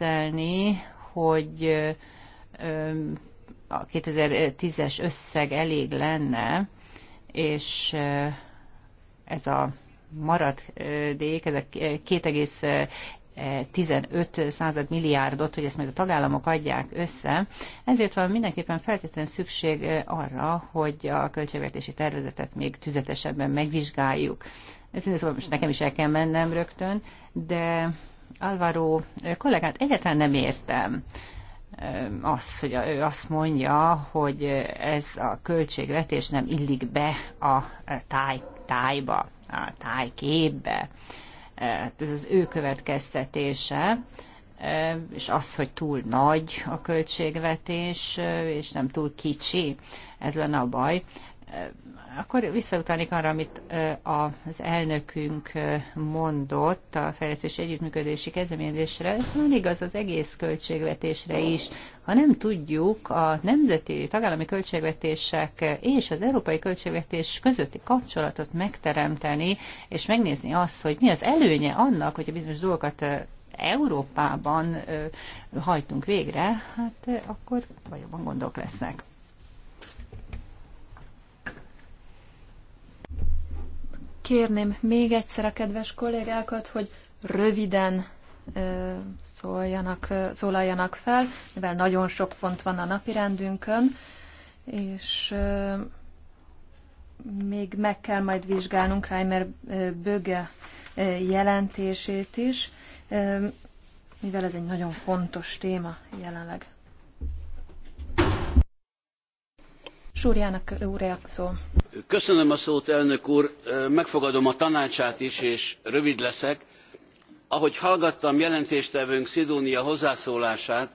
elképzelni, hogy a 2010-es összeg elég lenne, és ez a maradék, ez a 2,15 század milliárdot, hogy ezt majd a tagállamok adják össze. Ezért van mindenképpen feltétlenül szükség arra, hogy a költségvetési tervezetet még tüzetesebben megvizsgáljuk. Ez, ez most nekem is el kell mennem rögtön, de Alvaro kollégát egyáltalán nem értem azt, hogy ő azt mondja, hogy ez a költségvetés nem illik be a táj, tájba, a tájképbe. Hát ez az ő következtetése, és az, hogy túl nagy a költségvetés, és nem túl kicsi, ez lenne a baj. Akkor visszautalnék arra, amit az elnökünk mondott a fejlesztési együttműködési kezdeményezésre. Ez nem igaz az egész költségvetésre is. Ha nem tudjuk a nemzeti tagállami költségvetések és az európai költségvetés közötti kapcsolatot megteremteni, és megnézni azt, hogy mi az előnye annak, hogy a bizonyos dolgokat Európában hajtunk végre, hát akkor valóban gondok lesznek. kérném még egyszer a kedves kollégákat, hogy röviden szóljanak, szólaljanak fel, mivel nagyon sok pont van a napirendünkön, és még meg kell majd vizsgálnunk Reimer Böge jelentését is, mivel ez egy nagyon fontos téma jelenleg. Súrjának Köszönöm a szót, elnök úr. Megfogadom a tanácsát is, és rövid leszek. Ahogy hallgattam jelentéstevőnk Szidónia hozzászólását,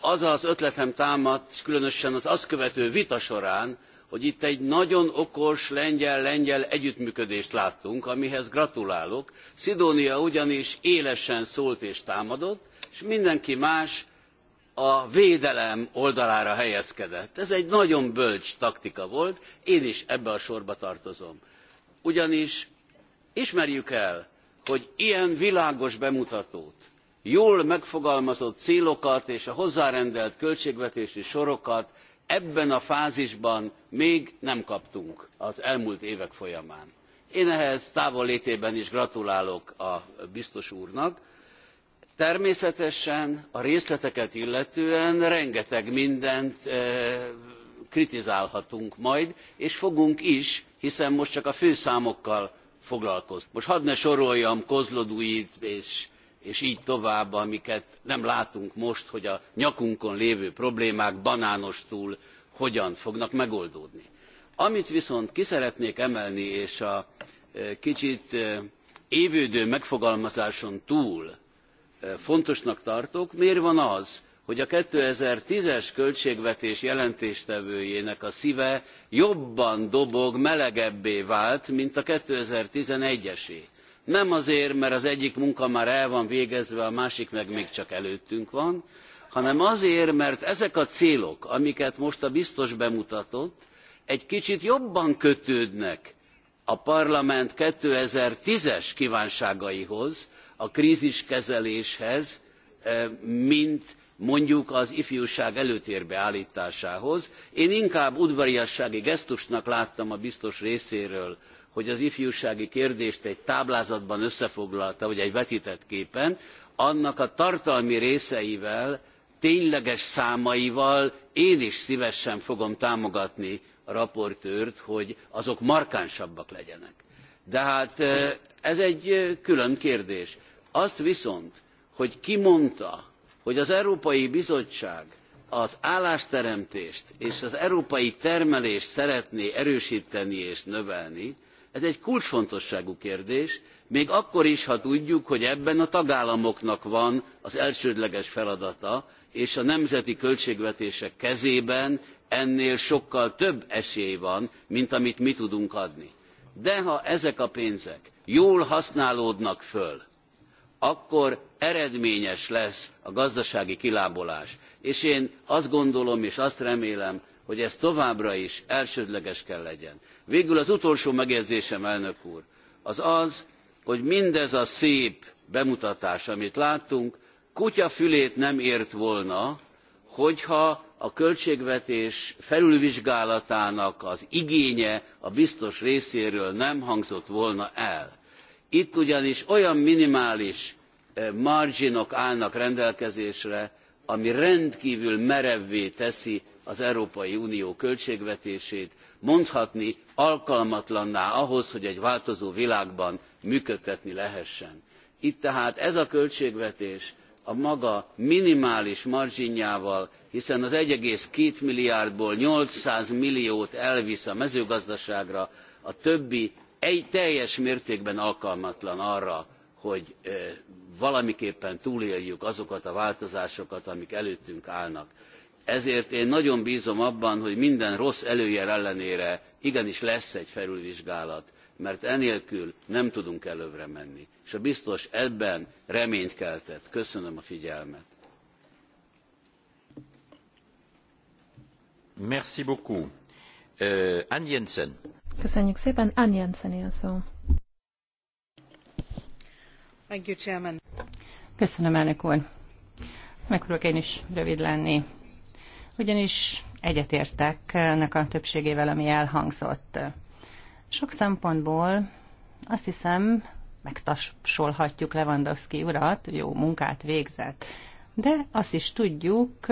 az az ötletem támadt, különösen az azt követő vita során, hogy itt egy nagyon okos lengyel-lengyel együttműködést láttunk, amihez gratulálok. Szidónia ugyanis élesen szólt és támadott, és mindenki más a védelem oldalára helyezkedett. Ez egy nagyon bölcs taktika volt, én is ebbe a sorba tartozom. Ugyanis ismerjük el, hogy ilyen világos bemutatót, jól megfogalmazott célokat és a hozzárendelt költségvetési sorokat ebben a fázisban még nem kaptunk az elmúlt évek folyamán. Én ehhez távol létében is gratulálok a biztos úrnak, természetesen a részleteket illetően rengeteg mindent kritizálhatunk majd és fogunk is hiszen most csak a főszámokkal foglalkozunk. most hadd ne soroljam kozloduit és és így tovább, amiket nem látunk most, hogy a nyakunkon lévő problémák banános túl hogyan fognak megoldódni. Amit viszont ki szeretnék emelni, és a kicsit évődő megfogalmazáson túl fontosnak tartok. Miért van az, hogy a 2010-es költségvetés jelentéstevőjének a szíve jobban dobog, melegebbé vált, mint a 2011-esé? Nem azért, mert az egyik munka már el van végezve, a másik meg még csak előttünk van, hanem azért, mert ezek a célok, amiket most a biztos bemutatott, egy kicsit jobban kötődnek a parlament 2010-es kívánságaihoz, a kríziskezeléshez, eh, mint mondjuk az ifjúság előtérbe állításához. Én inkább udvariassági gesztusnak láttam a biztos részéről, hogy az ifjúsági kérdést egy táblázatban összefoglalta, vagy egy vetített képen, annak a tartalmi részeivel, tényleges számaival én is szívesen fogom támogatni a raportőrt, hogy azok markánsabbak legyenek. De hát ez egy külön kérdés. Azt viszont, hogy ki mondta, hogy az Európai Bizottság az állásteremtést és az európai termelést szeretné erősíteni és növelni, ez egy kulcsfontosságú kérdés, még akkor is, ha tudjuk, hogy ebben a tagállamoknak van az elsődleges feladata, és a nemzeti költségvetések kezében ennél sokkal több esély van, mint amit mi tudunk adni de ha ezek a pénzek jól használódnak föl, akkor eredményes lesz a gazdasági kilábolás. És én azt gondolom és azt remélem, hogy ez továbbra is elsődleges kell legyen. Végül az utolsó megjegyzésem, elnök úr, az az, hogy mindez a szép bemutatás, amit láttunk, kutya fülét nem ért volna, hogyha a költségvetés felülvizsgálatának az igénye a biztos részéről nem hangzott volna el. Itt ugyanis olyan minimális eh, marginok állnak rendelkezésre, ami rendkívül merevvé teszi az Európai Unió költségvetését, mondhatni alkalmatlanná ahhoz, hogy egy változó világban működtetni lehessen. Itt tehát ez a költségvetés a maga minimális marzsinjával, hiszen az two milliárdból 800 milliót elvisz a mezőgazdaságra, a többi egy teljes mértékben alkalmatlan arra, hogy valamiképpen túléljük azokat a változásokat, amik előttünk állnak. Ezért én nagyon bzom abban, hogy minden rossz előjel ellenére igenis lesz egy felülvizsgálat mert enélkül nem tudunk előbbre menni. És a biztos ebben reményt keltett. Köszönöm a figyelmet. Merci beaucoup. Uh, Ann Jensen. Köszönjük szépen. Ann Jensen a szó. Thank you, Chairman. Köszönöm, elnök úr. Megpróbálok én is rövid lenni. Ugyanis egyetértek ennek a többségével, ami elhangzott. Sok szempontból azt hiszem, megtasolhatjuk Lewandowski urat, jó munkát végzett. De azt is tudjuk,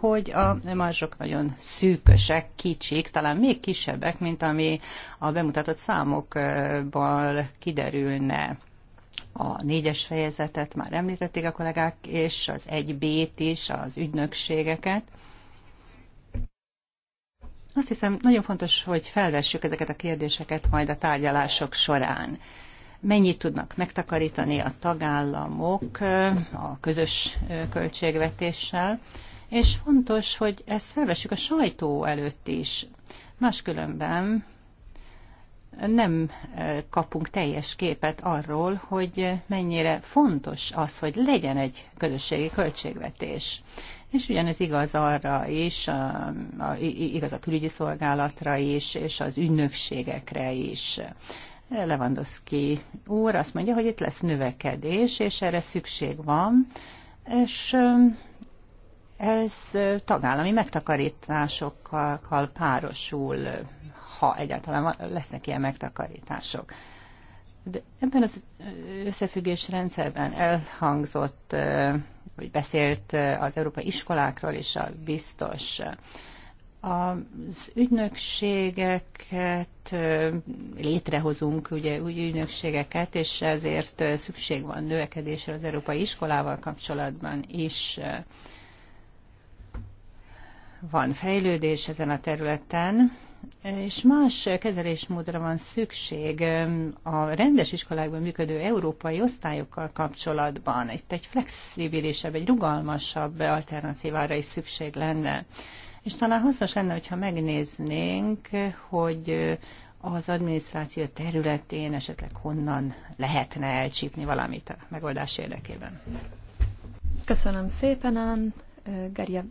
hogy a marzsok nagyon szűkösek, kicsik, talán még kisebbek, mint ami a bemutatott számokból kiderülne. A négyes fejezetet már említették a kollégák, és az egy b t is, az ügynökségeket. Azt hiszem, nagyon fontos, hogy felvessük ezeket a kérdéseket majd a tárgyalások során. Mennyit tudnak megtakarítani a tagállamok a közös költségvetéssel, és fontos, hogy ezt felvessük a sajtó előtt is. Máskülönben nem kapunk teljes képet arról, hogy mennyire fontos az, hogy legyen egy közösségi költségvetés és ugyanez igaz arra is, a, a, igaz a külügyi szolgálatra is, és az ügynökségekre is. Lewandowski úr azt mondja, hogy itt lesz növekedés, és erre szükség van, és ez tagállami megtakarításokkal párosul, ha egyáltalán lesznek ilyen megtakarítások. De ebben az összefüggés rendszerben elhangzott, vagy beszélt az európai iskolákról is a biztos. Az ügynökségeket létrehozunk, ugye úgy ügynökségeket, és ezért szükség van növekedésre az európai iskolával kapcsolatban is. Van fejlődés ezen a területen, és más kezelésmódra van szükség a rendes iskolákban működő európai osztályokkal kapcsolatban. Itt egy flexibilisebb, egy rugalmasabb alternatívára is szükség lenne. És talán hasznos lenne, hogyha megnéznénk, hogy az adminisztráció területén esetleg honnan lehetne elcsípni valamit a megoldás érdekében. Köszönöm szépen, Ann. Gerje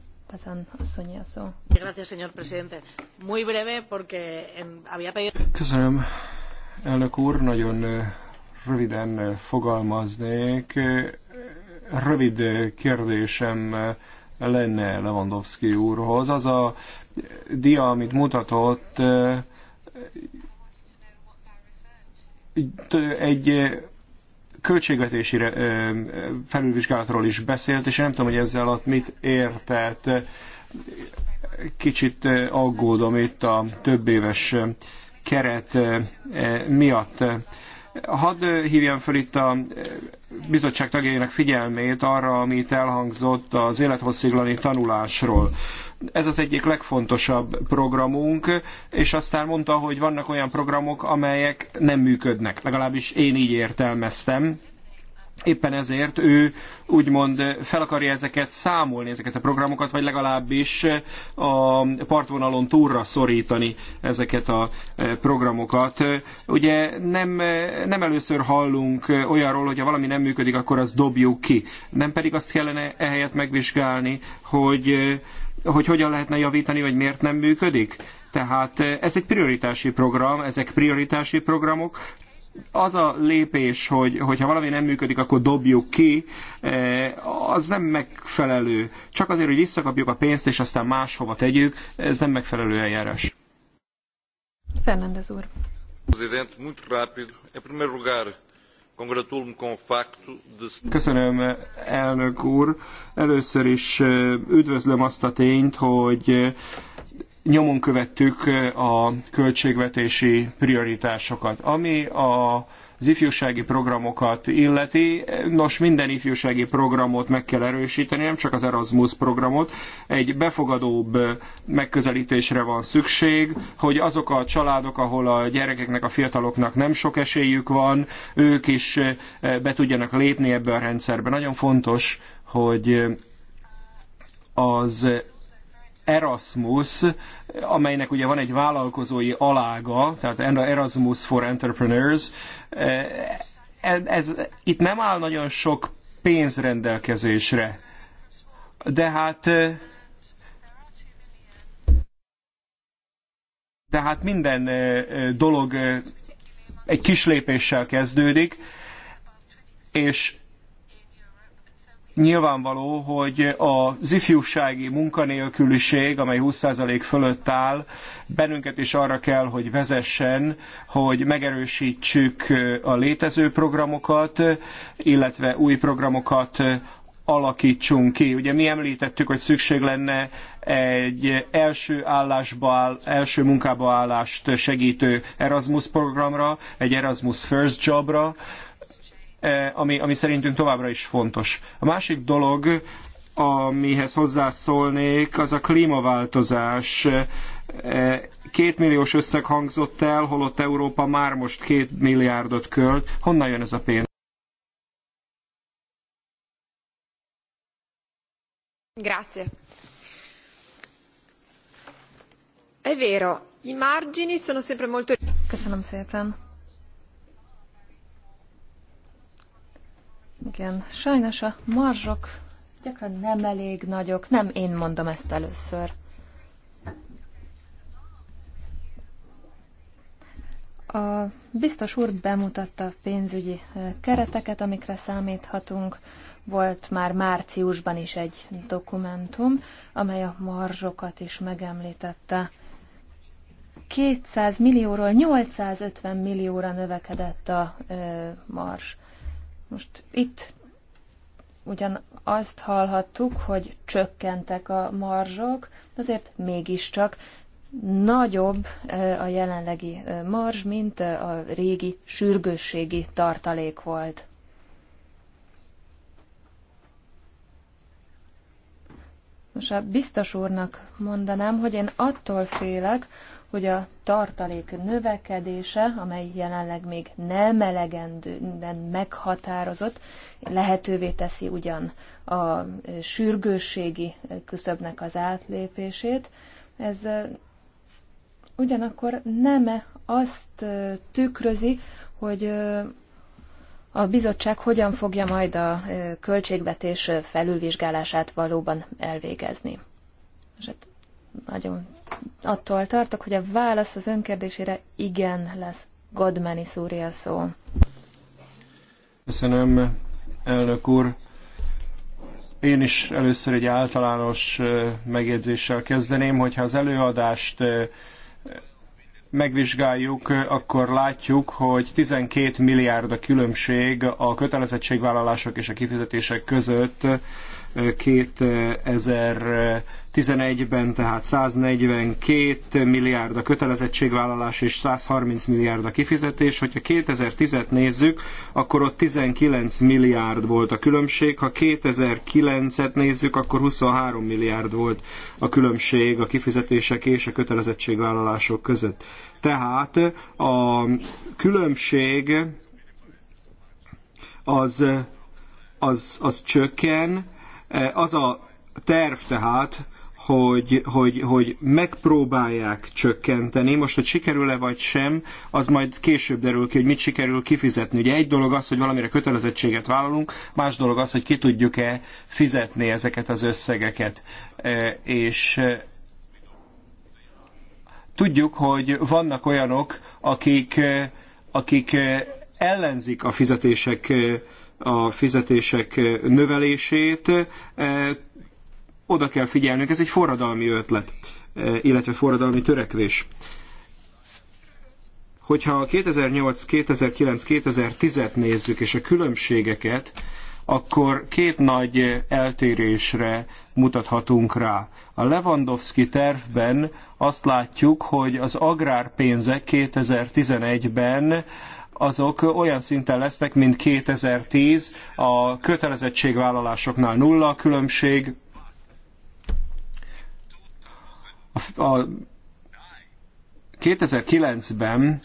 a Köszönöm, elnök úr, nagyon röviden fogalmaznék. Rövid kérdésem lenne Lewandowski úrhoz. Az a dia, amit mutatott, egy költségvetési felülvizsgálatról is beszélt, és nem tudom, hogy ezzel alatt mit értett. Kicsit aggódom itt a több éves keret miatt. Hadd hívjam fel itt a bizottság tagjainak figyelmét arra, amit elhangzott az élethosszíglani tanulásról. Ez az egyik legfontosabb programunk, és aztán mondta, hogy vannak olyan programok, amelyek nem működnek. Legalábbis én így értelmeztem éppen ezért ő úgymond fel akarja ezeket számolni, ezeket a programokat, vagy legalábbis a partvonalon túlra szorítani ezeket a e, programokat. Ugye nem, nem először hallunk olyanról, hogy ha valami nem működik, akkor azt dobjuk ki. Nem pedig azt kellene ehelyett megvizsgálni, hogy e, hogy hogyan lehetne javítani, vagy miért nem működik? Tehát e, ez egy prioritási program, ezek prioritási programok, az a lépés, hogy, hogyha valami nem működik, akkor dobjuk ki, e, az nem megfelelő. Csak azért, hogy visszakapjuk a pénzt, és aztán máshova tegyük, ez nem megfelelő eljárás. Fernández úr. Presidente, muito rápido. Em primeiro lugar, Köszönöm, elnök úr. Először is e, üdvözlöm azt a tényt, hogy nyomon követtük a költségvetési prioritásokat. Ami a az ifjúsági programokat illeti. Nos, minden ifjúsági programot meg kell erősíteni, nem csak az Erasmus programot. Egy befogadóbb megközelítésre van szükség, hogy azok a családok, ahol a gyerekeknek, a fiataloknak nem sok esélyük van, ők is be tudjanak lépni ebbe a rendszerbe. Nagyon fontos, hogy az Erasmus, amelynek ugye van egy vállalkozói alága, tehát Erasmus for Entrepreneurs, ez, e, ez, itt nem áll nagyon sok pénz rendelkezésre. De hát e, de hát minden e, dolog egy kis lépéssel kezdődik, és Nyilvánvaló, hogy az ifjúsági munkanélküliség, amely 20% fölött áll, bennünket is arra kell, hogy vezessen, hogy megerősítsük a létező programokat, illetve új programokat alakítsunk ki. Ugye mi említettük, hogy szükség lenne egy első állásba első munkába állást segítő Erasmus programra, egy Erasmus First Jobra, E, ami, ami szerintünk továbbra is fontos. A másik dolog, amihez hozzászólnék, az a klímaváltozás. E, két milliós összeg hangzott el, holott Európa már most két milliárdot költ. Honnan jön ez a pénz? Grazie. È vero, i margini sono sempre molto... Köszönöm szépen. Igen, sajnos a marzsok gyakran nem elég nagyok, nem én mondom ezt először. A biztos úr bemutatta a pénzügyi kereteket, amikre számíthatunk. Volt már márciusban is egy dokumentum, amely a marzsokat is megemlítette. 200 millióról 850 millióra növekedett a marzs. mars. Most itt ugyan azt hallhattuk, hogy csökkentek a marzsok, azért mégiscsak nagyobb a jelenlegi marzs, mint a régi sürgősségi tartalék volt. Nos, a biztos úrnak mondanám, hogy én attól félek, hogy a tartalék növekedése, amely jelenleg még nem elegendően meghatározott, lehetővé teszi ugyan a sürgősségi küszöbnek az átlépését, ez ugyanakkor nem azt tükrözi, hogy a bizottság hogyan fogja majd a költségvetés felülvizsgálását valóban elvégezni. És hát nagyon attól tartok, hogy a válasz az önkérdésére igen lesz. Godmani szúrja szó. Köszönöm, elnök úr. Én is először egy általános megjegyzéssel kezdeném, hogyha az előadást megvizsgáljuk, akkor látjuk, hogy 12 milliárd a különbség a kötelezettségvállalások és a kifizetések között 2000 11-ben tehát 142 milliárd a kötelezettségvállalás és 130 milliárd a kifizetés. Hogyha 2010-et nézzük, akkor ott 19 milliárd volt a különbség, ha 2009-et nézzük, akkor 23 milliárd volt a különbség a kifizetések és a kötelezettségvállalások között. Tehát a különbség az, az, az csökken, az a terv tehát, hogy, hogy, hogy megpróbálják csökkenteni. Most, hogy sikerül-e vagy sem, az majd később derül ki, hogy mit sikerül kifizetni. Ugye egy dolog az, hogy valamire kötelezettséget vállalunk, más dolog az, hogy ki tudjuk-e fizetni ezeket az összegeket. E, és e, tudjuk, hogy vannak olyanok, akik, e, akik ellenzik a fizetések a fizetések növelését, oda kell figyelnünk, ez egy forradalmi ötlet, e, illetve forradalmi törekvés. Hogyha 2008, 2009, 2010-et nézzük, és a különbségeket, akkor két nagy eltérésre mutathatunk rá. A Lewandowski tervben azt látjuk, hogy az agrárpénzek 2011-ben azok olyan szinten lesznek, mint 2010, a kötelezettségvállalásoknál nulla a különbség, A, a 2009-ben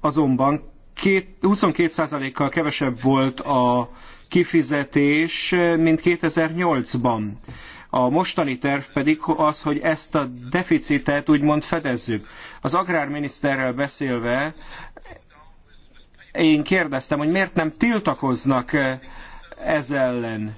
azonban 22%-kal kevesebb volt a kifizetés, mint 2008-ban. A mostani terv pedig az, hogy ezt a deficitet úgymond fedezzük. Az agrárminiszterrel beszélve én kérdeztem, hogy miért nem tiltakoznak eh, ez ellen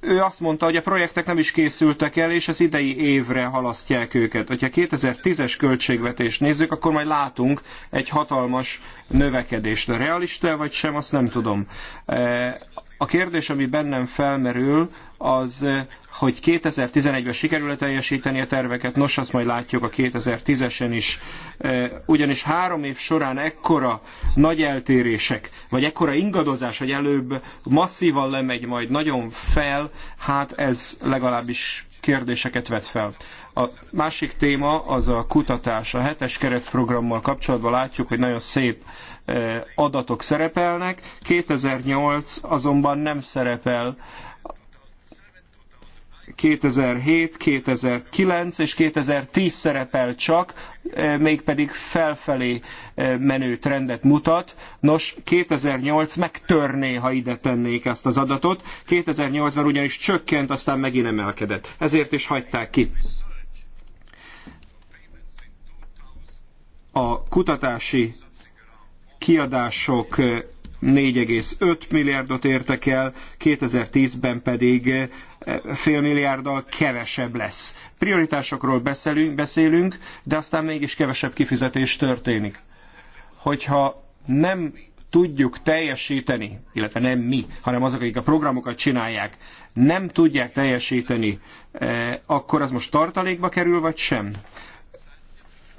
ő azt mondta, hogy a projektek nem is készültek el, és az idei évre halasztják őket. Hogyha 2010-es költségvetést nézzük, akkor majd látunk egy hatalmas növekedést. Realista vagy sem, azt nem tudom. E, a kérdés, ami bennem felmerül, az, eh, hogy 2011-ben sikerül -e teljesíteni a terveket, nos, azt majd látjuk a 2010-esen is. Eh, ugyanis három év során ekkora nagy eltérések, vagy ekkora ingadozás, hogy előbb masszívan lemegy, majd nagyon fel, hát ez legalábbis kérdéseket vet fel. A másik téma az a kutatás. A hetes keretprogrammal kapcsolatban látjuk, hogy nagyon szép eh, adatok szerepelnek. 2008 azonban nem szerepel 2007, 2009 és 2010 szerepel csak, e, mégpedig felfelé e, menő trendet mutat. Nos, 2008 megtörné, ha ide tennék ezt az adatot. 2008-ban ugyanis csökkent, aztán megint emelkedett. Ezért is hagyták ki. A kutatási kiadások 4,5 e, milliárdot értek el, 2010-ben pedig fél milliárddal kevesebb lesz. Prioritásokról beszélünk, beszélünk, de aztán mégis kevesebb kifizetés történik. Hogyha nem tudjuk teljesíteni, illetve nem mi, hanem azok, akik a programokat csinálják, nem tudják teljesíteni, eh, akkor az most tartalékba kerül, vagy sem?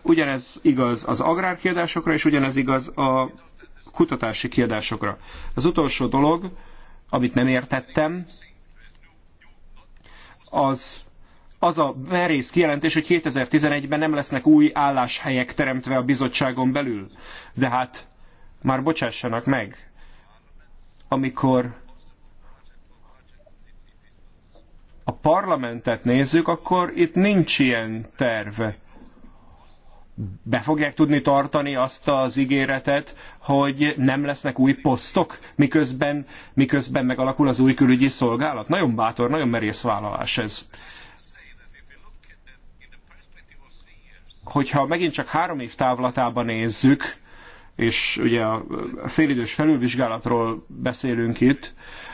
Ugyanez igaz az agrárkiadásokra, és ugyanez igaz a kutatási kiadásokra. Az utolsó dolog, amit nem értettem, az az a merész kijelentés, hogy 2011-ben nem lesznek új álláshelyek teremtve a bizottságon belül. De hát már bocsássanak meg, amikor a parlamentet nézzük, akkor itt nincs ilyen terve be fogják tudni tartani azt az ígéretet, hogy nem lesznek új posztok, miközben, miközben megalakul az új külügyi szolgálat? Nagyon bátor, nagyon merész vállalás ez. Hogyha megint csak három év távlatába nézzük, és ugye a félidős felülvizsgálatról beszélünk itt,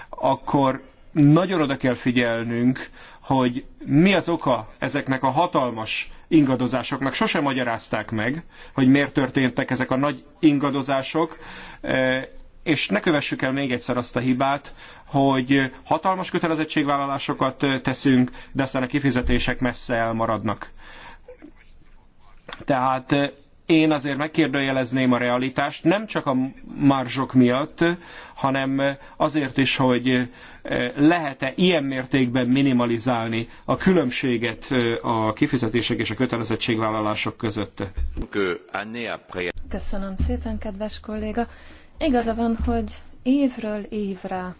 akkor nagyon oda kell figyelnünk hogy mi az oka ezeknek a hatalmas ingadozásoknak. Sose magyarázták meg, hogy miért történtek ezek a nagy ingadozások, e, és ne kövessük el még egyszer azt a hibát, hogy hatalmas kötelezettségvállalásokat teszünk, de aztán a kifizetések messze elmaradnak. Tehát én azért megkérdőjelezném a realitást, nem csak a marzsok miatt, hanem azért is, hogy eh, lehet-e ilyen mértékben minimalizálni a különbséget eh, a kifizetések és a kötelezettségvállalások között. Köszönöm szépen, kedves kolléga. Igaza van, hogy évről évre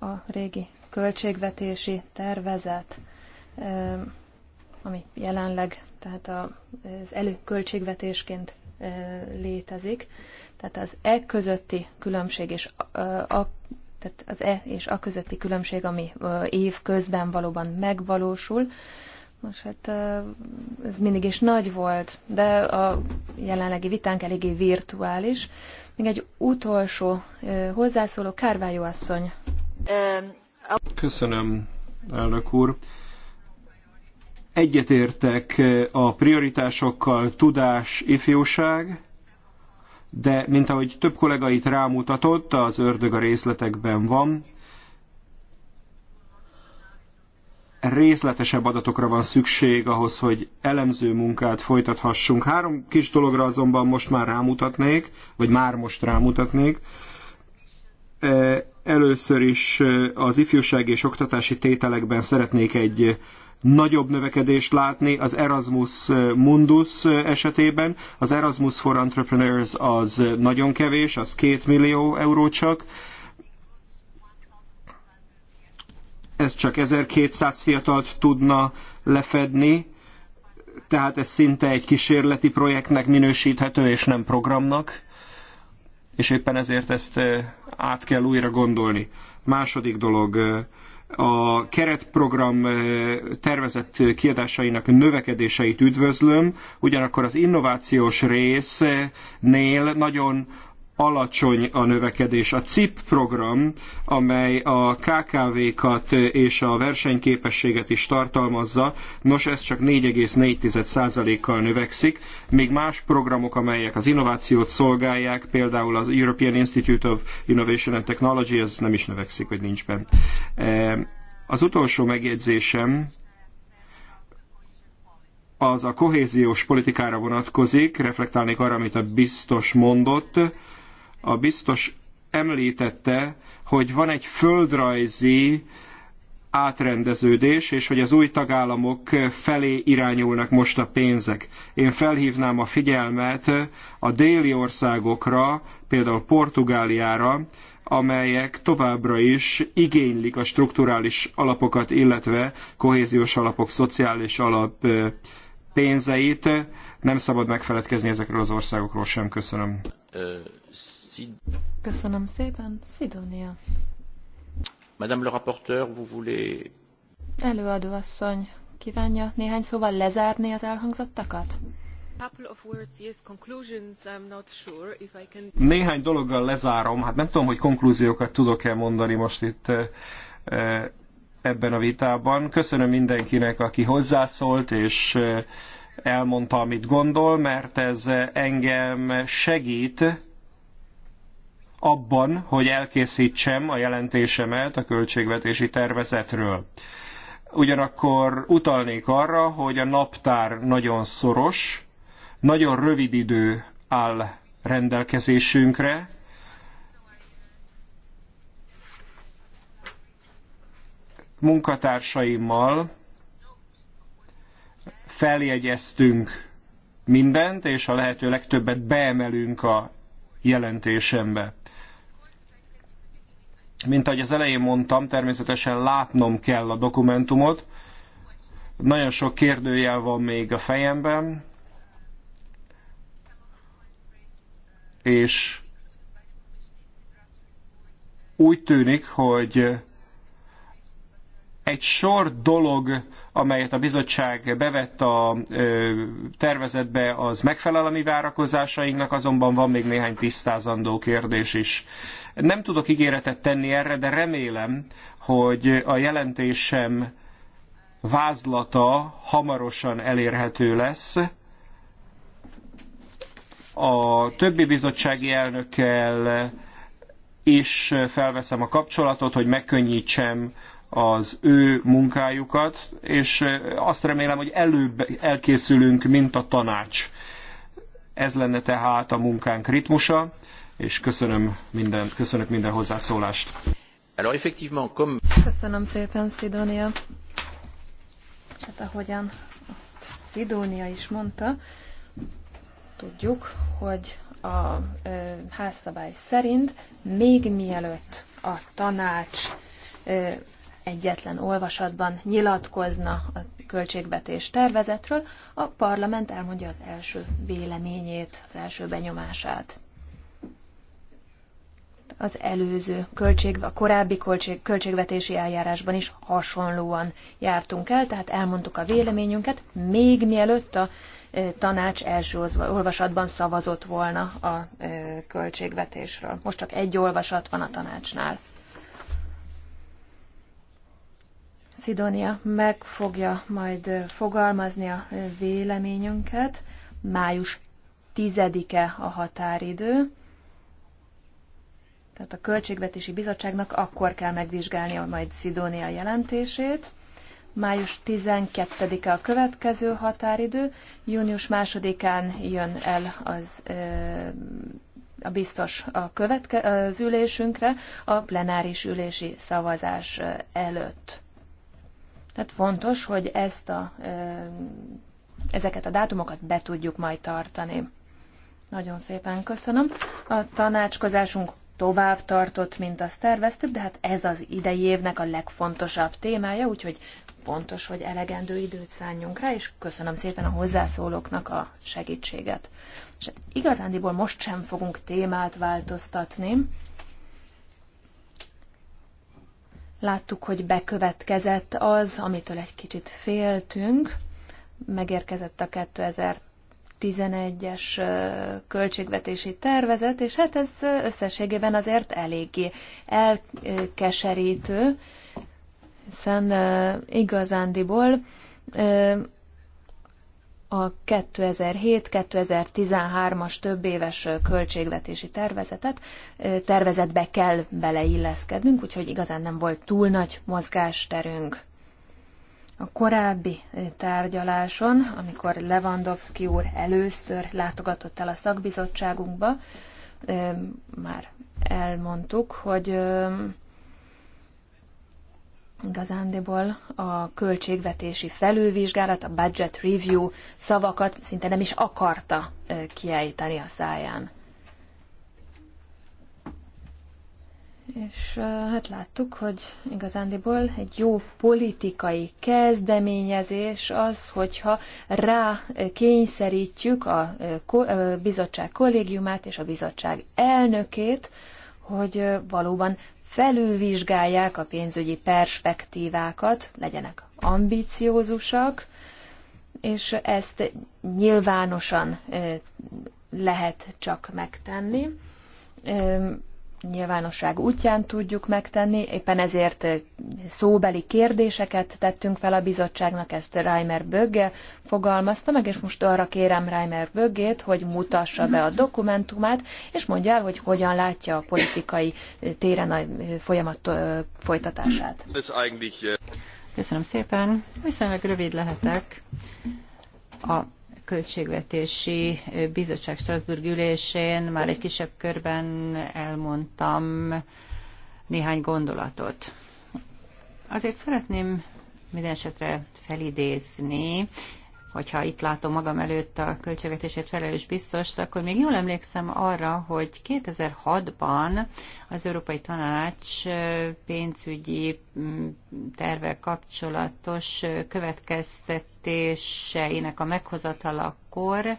a régi költségvetési tervezet, eh, ami jelenleg tehát az előköltségvetésként létezik. Tehát az E közötti különbség és a, tehát az E és A közötti különbség, ami év közben valóban megvalósul. Most hát ez mindig is nagy volt, de a jelenlegi vitánk eléggé virtuális. Még egy utolsó hozzászóló, Kárvályó asszony. Köszönöm, elnök úr. Egyetértek a prioritásokkal tudás, ifjúság, de mint ahogy több kollega itt rámutatott, az ördög a részletekben van, részletesebb adatokra van szükség ahhoz, hogy elemző munkát folytathassunk. Három kis dologra azonban most már rámutatnék, vagy már most rámutatnék. Először is az ifjúság és oktatási tételekben szeretnék egy nagyobb növekedést látni az Erasmus eh, Mundus eh, esetében. Az Erasmus for Entrepreneurs az nagyon kevés, az 2 millió euró csak. Ez csak 1200 fiatalt tudna lefedni, tehát ez szinte egy kísérleti projektnek minősíthető, és nem programnak, és éppen ezért ezt eh, át kell újra gondolni. Második dolog, a keretprogram tervezett kiadásainak növekedéseit üdvözlöm, ugyanakkor az innovációs résznél nagyon alacsony a növekedés. A CIP program, amely a KKV-kat és a versenyképességet is tartalmazza, nos ez csak 4,4%-kal növekszik, még más programok, amelyek az innovációt szolgálják, például az European Institute of Innovation and Technology, ez nem is növekszik, hogy nincs benne. E, az utolsó megjegyzésem, az a kohéziós politikára vonatkozik, reflektálnék arra, amit a biztos mondott, a biztos említette, hogy van egy földrajzi átrendeződés, és hogy az új tagállamok felé irányulnak most a pénzek. Én felhívnám a figyelmet a déli országokra, például Portugáliára, amelyek továbbra is igénylik a strukturális alapokat, illetve kohéziós alapok, szociális alap pénzeit. Nem szabad megfeledkezni ezekről az országokról sem. Köszönöm. Köszönöm szépen, Szidónia. Madame le rapporteur, vous voulez... Előadó asszony, kívánja néhány szóval lezárni az elhangzottakat? Néhány dologgal lezárom, hát nem tudom, hogy konklúziókat tudok-e mondani most itt eh, eh, ebben a vitában. Köszönöm mindenkinek, aki hozzászólt, és eh, elmondta, amit gondol, mert ez engem segít abban, hogy elkészítsem a jelentésemet a költségvetési tervezetről. Ugyanakkor utalnék arra, hogy a naptár nagyon szoros, nagyon rövid idő áll rendelkezésünkre, munkatársaimmal feljegyeztünk mindent, és a lehető legtöbbet beemelünk a jelentésembe. Mint ahogy az elején mondtam, természetesen látnom kell a dokumentumot. Nagyon sok kérdőjel van még a fejemben, és úgy tűnik, hogy egy sor dolog amelyet a bizottság bevett a tervezetbe, az megfelel a mi várakozásainknak, azonban van még néhány tisztázandó kérdés is. Nem tudok ígéretet tenni erre, de remélem, hogy a jelentésem vázlata hamarosan elérhető lesz. A többi bizottsági elnökkel is felveszem a kapcsolatot, hogy megkönnyítsem az ő munkájukat, és azt remélem, hogy előbb elkészülünk, mint a tanács. Ez lenne tehát a munkánk ritmusa, és köszönöm minden, köszönök minden hozzászólást. Köszönöm szépen, Szidónia. És hát ahogyan azt Szidónia is mondta, tudjuk, hogy a ö, házszabály szerint még mielőtt a tanács egyetlen olvasatban nyilatkozna a költségvetés tervezetről, a parlament elmondja az első véleményét, az első benyomását. Az előző költség, a korábbi költség, költségvetési eljárásban is hasonlóan jártunk el, tehát elmondtuk a véleményünket, még mielőtt a e, tanács első olvasatban szavazott volna a e, költségvetésről. Most csak egy olvasat van a tanácsnál. Szidónia meg fogja majd fogalmazni a véleményünket. Május 10-e a határidő. Tehát a Költségvetési Bizottságnak akkor kell megvizsgálnia majd Szidónia jelentését. Május 12-e a következő határidő, június 2-án jön el az a biztos a következő az ülésünkre a plenáris ülési szavazás előtt. Tehát fontos, hogy ezt a, ezeket a dátumokat be tudjuk majd tartani. Nagyon szépen köszönöm. A tanácskozásunk tovább tartott, mint azt terveztük, de hát ez az idei évnek a legfontosabb témája, úgyhogy fontos, hogy elegendő időt szálljunk rá, és köszönöm szépen a hozzászólóknak a segítséget. És hát igazándiból most sem fogunk témát változtatni, Láttuk, hogy bekövetkezett az, amitől egy kicsit féltünk. Megérkezett a 2011-es költségvetési tervezet, és hát ez összességében azért eléggé elkeserítő, hiszen igazándiból a 2007-2013-as több éves költségvetési tervezetet, tervezetbe kell beleilleszkednünk, úgyhogy igazán nem volt túl nagy mozgásterünk. A korábbi tárgyaláson, amikor Lewandowski úr először látogatott el a szakbizottságunkba, már elmondtuk, hogy igazándiból a költségvetési felülvizsgálat, a budget review szavakat szinte nem is akarta kiejteni a száján. És hát láttuk, hogy igazándiból egy jó politikai kezdeményezés az, hogyha rá kényszerítjük a bizottság kollégiumát és a bizottság elnökét, hogy valóban felülvizsgálják a pénzügyi perspektívákat, legyenek ambiciózusak, és ezt nyilvánosan lehet csak megtenni nyilvánosság útján tudjuk megtenni, éppen ezért szóbeli kérdéseket tettünk fel a bizottságnak, ezt Reimer Bögge fogalmazta meg, és most arra kérem Reimer Böggét, hogy mutassa be a dokumentumát, és mondja el, hogy hogyan látja a politikai téren a folyamat folytatását. Köszönöm szépen, viszonylag rövid lehetek. A Költségvetési Bizottság Strasbourg ülésén már egy kisebb körben elmondtam néhány gondolatot. Azért szeretném minden esetre felidézni hogyha itt látom magam előtt a költségvetését felelős biztos, akkor még jól emlékszem arra, hogy 2006-ban az Európai Tanács pénzügyi terve kapcsolatos következtetéseinek a meghozatalakor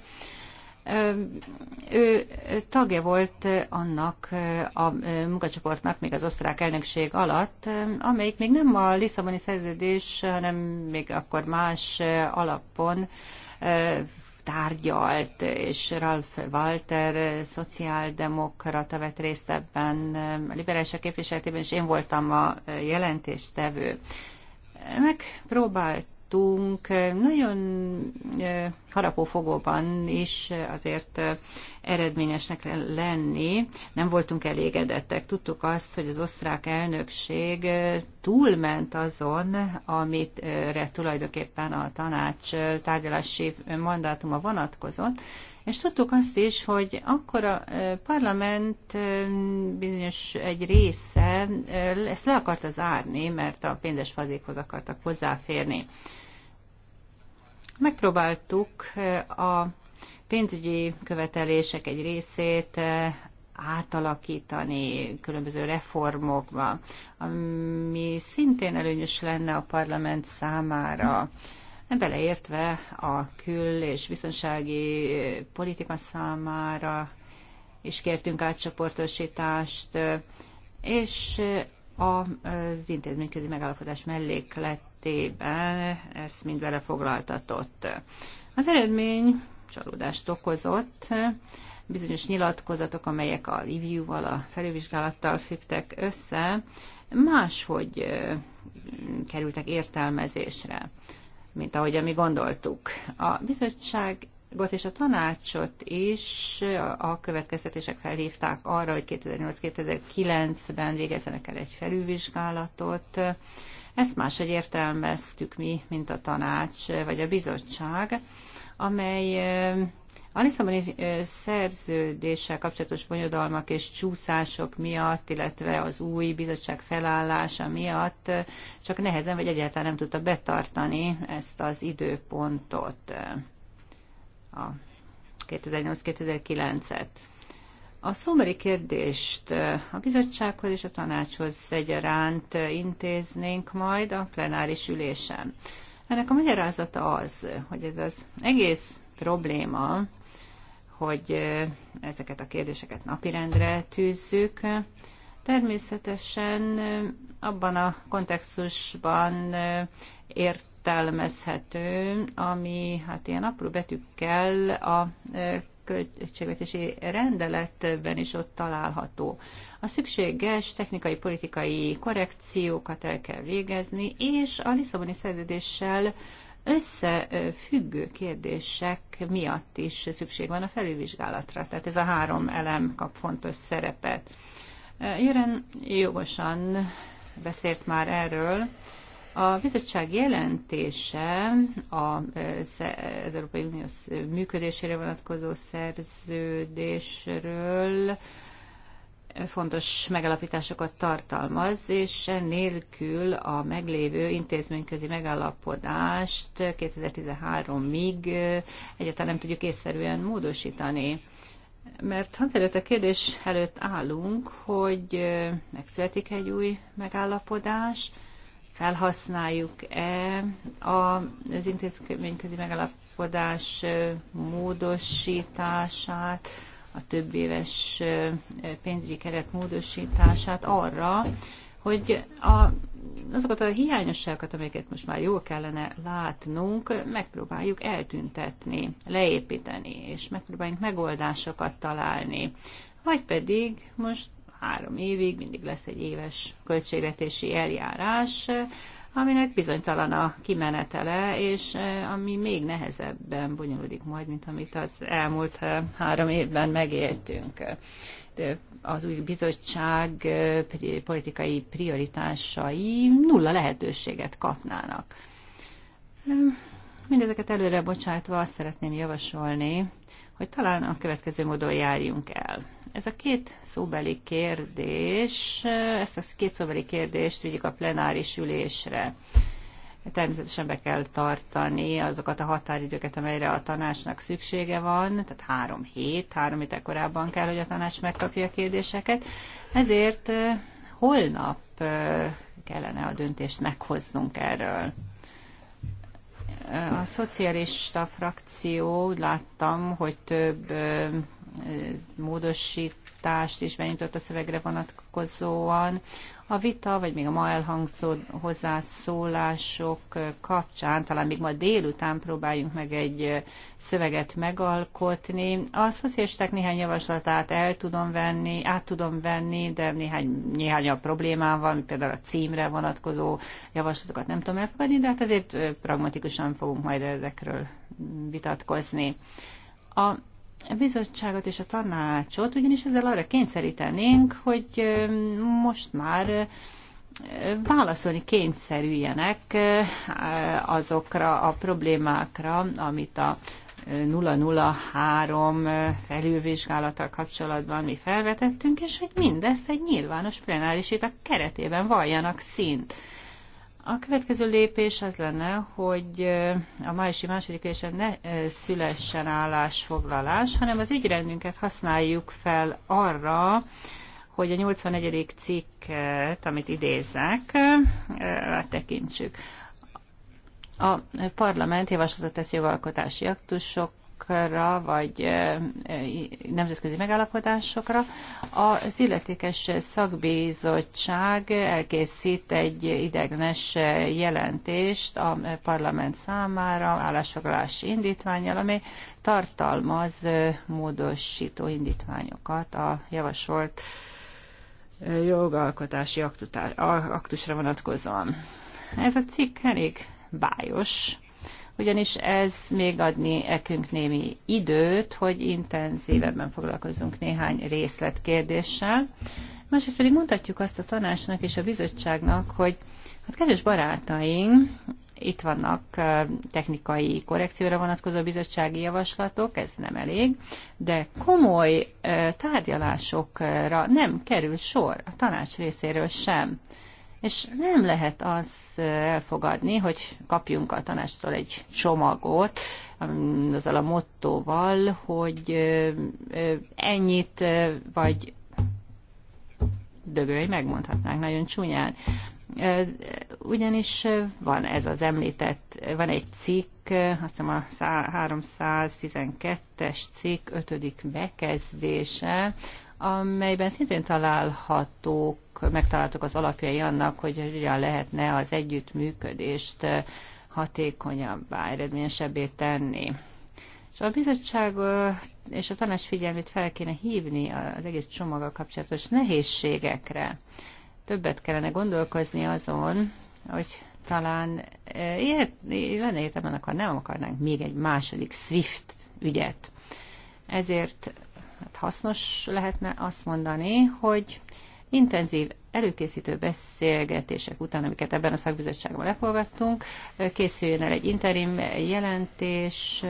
ő tagja volt annak a munkacsoportnak, még az osztrák elnökség alatt, amelyik még nem a Lisszaboni szerződés, hanem még akkor más alapon tárgyalt, és Ralf Walter, szociáldemokrata vett részt ebben a liberálisak képviseletében, és én voltam a jelentéstevő. Megpróbált láttunk, nagyon harapófogóban is azért eredményesnek lenni. Nem voltunk elégedettek. Tudtuk azt, hogy az osztrák elnökség túlment azon, amit tulajdonképpen a tanács tárgyalási mandátuma vonatkozott, és tudtuk azt is, hogy akkor a parlament bizonyos egy része ezt le akarta zárni, mert a pénzes fazékhoz akartak hozzáférni. Megpróbáltuk a pénzügyi követelések egy részét átalakítani különböző reformokba, ami szintén előnyös lenne a parlament számára. Mm beleértve a kül- és biztonsági politika számára és kértünk átcsoportosítást, és az intézményközi megállapodás mellékletében ezt mind belefoglaltatott. Az eredmény csalódást okozott, bizonyos nyilatkozatok, amelyek a review-val, a felülvizsgálattal fügtek össze, máshogy kerültek értelmezésre mint ahogy mi gondoltuk. A bizottság Got és a tanácsot is a következtetések felhívták arra, hogy 2008-2009-ben végezzenek el egy felülvizsgálatot. Ezt máshogy értelmeztük mi, mint a tanács vagy a bizottság, amely a Lisszaboni szerződéssel kapcsolatos bonyodalmak és csúszások miatt, illetve az új bizottság felállása miatt csak nehezen vagy egyáltalán nem tudta betartani ezt az időpontot, a 2008-2009-et. A szóbeli kérdést a bizottsághoz és a tanácshoz egyaránt intéznénk majd a plenáris ülésen. Ennek a magyarázata az, hogy ez az egész probléma, hogy ezeket a kérdéseket napirendre tűzzük. Természetesen abban a kontextusban értelmezhető, ami hát ilyen apró betűkkel a költségvetési rendeletben is ott található. A szükséges technikai, politikai korrekciókat el kell végezni, és a Lisszaboni szerződéssel összefüggő kérdések miatt is szükség van a felülvizsgálatra. Tehát ez a három elem kap fontos szerepet. Jören jogosan beszélt már erről, a bizottság jelentése az Európai Unió működésére vonatkozó szerződésről fontos megalapításokat tartalmaz, és nélkül a meglévő intézményközi megállapodást 2013-ig egyáltalán nem tudjuk észszerűen módosítani. Mert előtt a kérdés előtt állunk, hogy megszületik egy új megállapodás, felhasználjuk-e az intézményközi megállapodás módosítását, a több éves pénzügyi keret módosítását arra, hogy a, azokat a hiányosságokat, amiket most már jól kellene látnunk, megpróbáljuk eltüntetni, leépíteni, és megpróbáljunk megoldásokat találni. Vagy pedig most három évig mindig lesz egy éves költségvetési eljárás, aminek bizonytalan a kimenetele, és e, ami még nehezebben bonyolódik majd, mint amit az elmúlt e, három évben megéltünk. De az új bizottság e, politikai prioritásai nulla lehetőséget kapnának. Mindezeket előre bocsátva azt szeretném javasolni, hogy talán a következő módon járjunk el ez a két szóbeli kérdés, ezt a két szóbeli kérdést vigyük a plenáris ülésre. Természetesen be kell tartani azokat a határidőket, amelyre a tanácsnak szüksége van, tehát három hét, három hét korábban kell, hogy a tanács megkapja a kérdéseket. Ezért eh, holnap eh, kellene a döntést meghoznunk erről. Eh, a szocialista frakció, úgy láttam, hogy több módosítást is benyitott a szövegre vonatkozóan. A vita, vagy még a ma elhangzó hozzászólások kapcsán, talán még ma délután próbáljunk meg egy szöveget megalkotni. A szociálisták néhány javaslatát el tudom venni, át tudom venni, de néhány, néhány a problémám van, például a címre vonatkozó javaslatokat nem tudom elfogadni, de hát azért pragmatikusan fogunk majd ezekről vitatkozni. A a bizottságot és a tanácsot, ugyanis ezzel arra kényszerítenénk, hogy most már válaszolni kényszerüljenek azokra a problémákra, amit a 003 felülvizsgálattal kapcsolatban mi felvetettünk, és hogy mindezt egy nyilvános plenáris a keretében valljanak szint. A következő lépés az lenne, hogy a májusi második ülésen ne szülessen állásfoglalás, hanem az ügyrendünket használjuk fel arra, hogy a 84. cikket, amit idézek, tekintsük. A parlament javaslatot tesz jogalkotási aktusok konvenciókra, vagy nemzetközi megállapodásokra, az illetékes szakbizottság elkészít egy ideglenes jelentést a parlament számára, állásfoglalási indítványjal, ami tartalmaz módosító indítványokat a javasolt jogalkotási aktusra vonatkozóan. Ez a cikk elég bájos, ugyanis ez még adni ekünk némi időt, hogy intenzívebben foglalkozzunk néhány részletkérdéssel. Másrészt pedig mutatjuk azt a tanácsnak és a bizottságnak, hogy hát kedves barátaink, itt vannak technikai korrekcióra vonatkozó bizottsági javaslatok, ez nem elég, de komoly tárgyalásokra nem kerül sor a tanács részéről sem. És nem lehet az elfogadni, hogy kapjunk a tanástól egy csomagot, mm, azzal a mottóval, hogy ennyit, vagy dögölj, megmondhatnánk nagyon csúnyán. Ugyanis van ez az említett, van egy cikk, azt hiszem a 312-es cikk ötödik bekezdése, amelyben szintén találhatók, megtaláltok az alapjai annak, hogy hogyan lehetne az együttműködést eh, hatékonyabbá, eredményesebbé tenni. És a bizottság eh, és a tanács figyelmét fel kéne hívni az egész csomaggal kapcsolatos nehézségekre. Többet kellene gondolkozni azon, hogy talán eh, lenne értem annak, ha nem akarnánk még egy második SWIFT ügyet. Ezért hát hasznos lehetne azt mondani, hogy intenzív előkészítő beszélgetések után, amiket ebben a szakbizottságban lefogadtunk, készüljön el egy interim jelentés,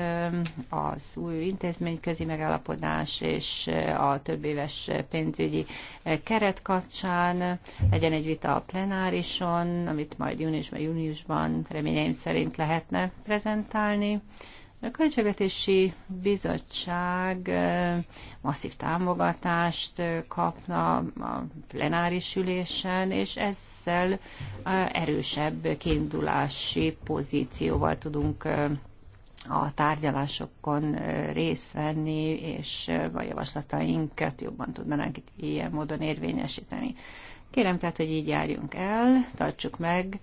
az új intézményközi megállapodás és a több éves pénzügyi keret kapcsán, legyen egy vita a plenárison, amit majd júniusban, júniusban reményeim szerint lehetne prezentálni, a Költségvetési Bizottság masszív támogatást kapna a plenáris ülésen, és ezzel erősebb kiindulási pozícióval tudunk a tárgyalásokon részt venni, és a javaslatainkat jobban tudnánk itt ilyen módon érvényesíteni. Kérem tehát, hogy így járjunk el, tartsuk meg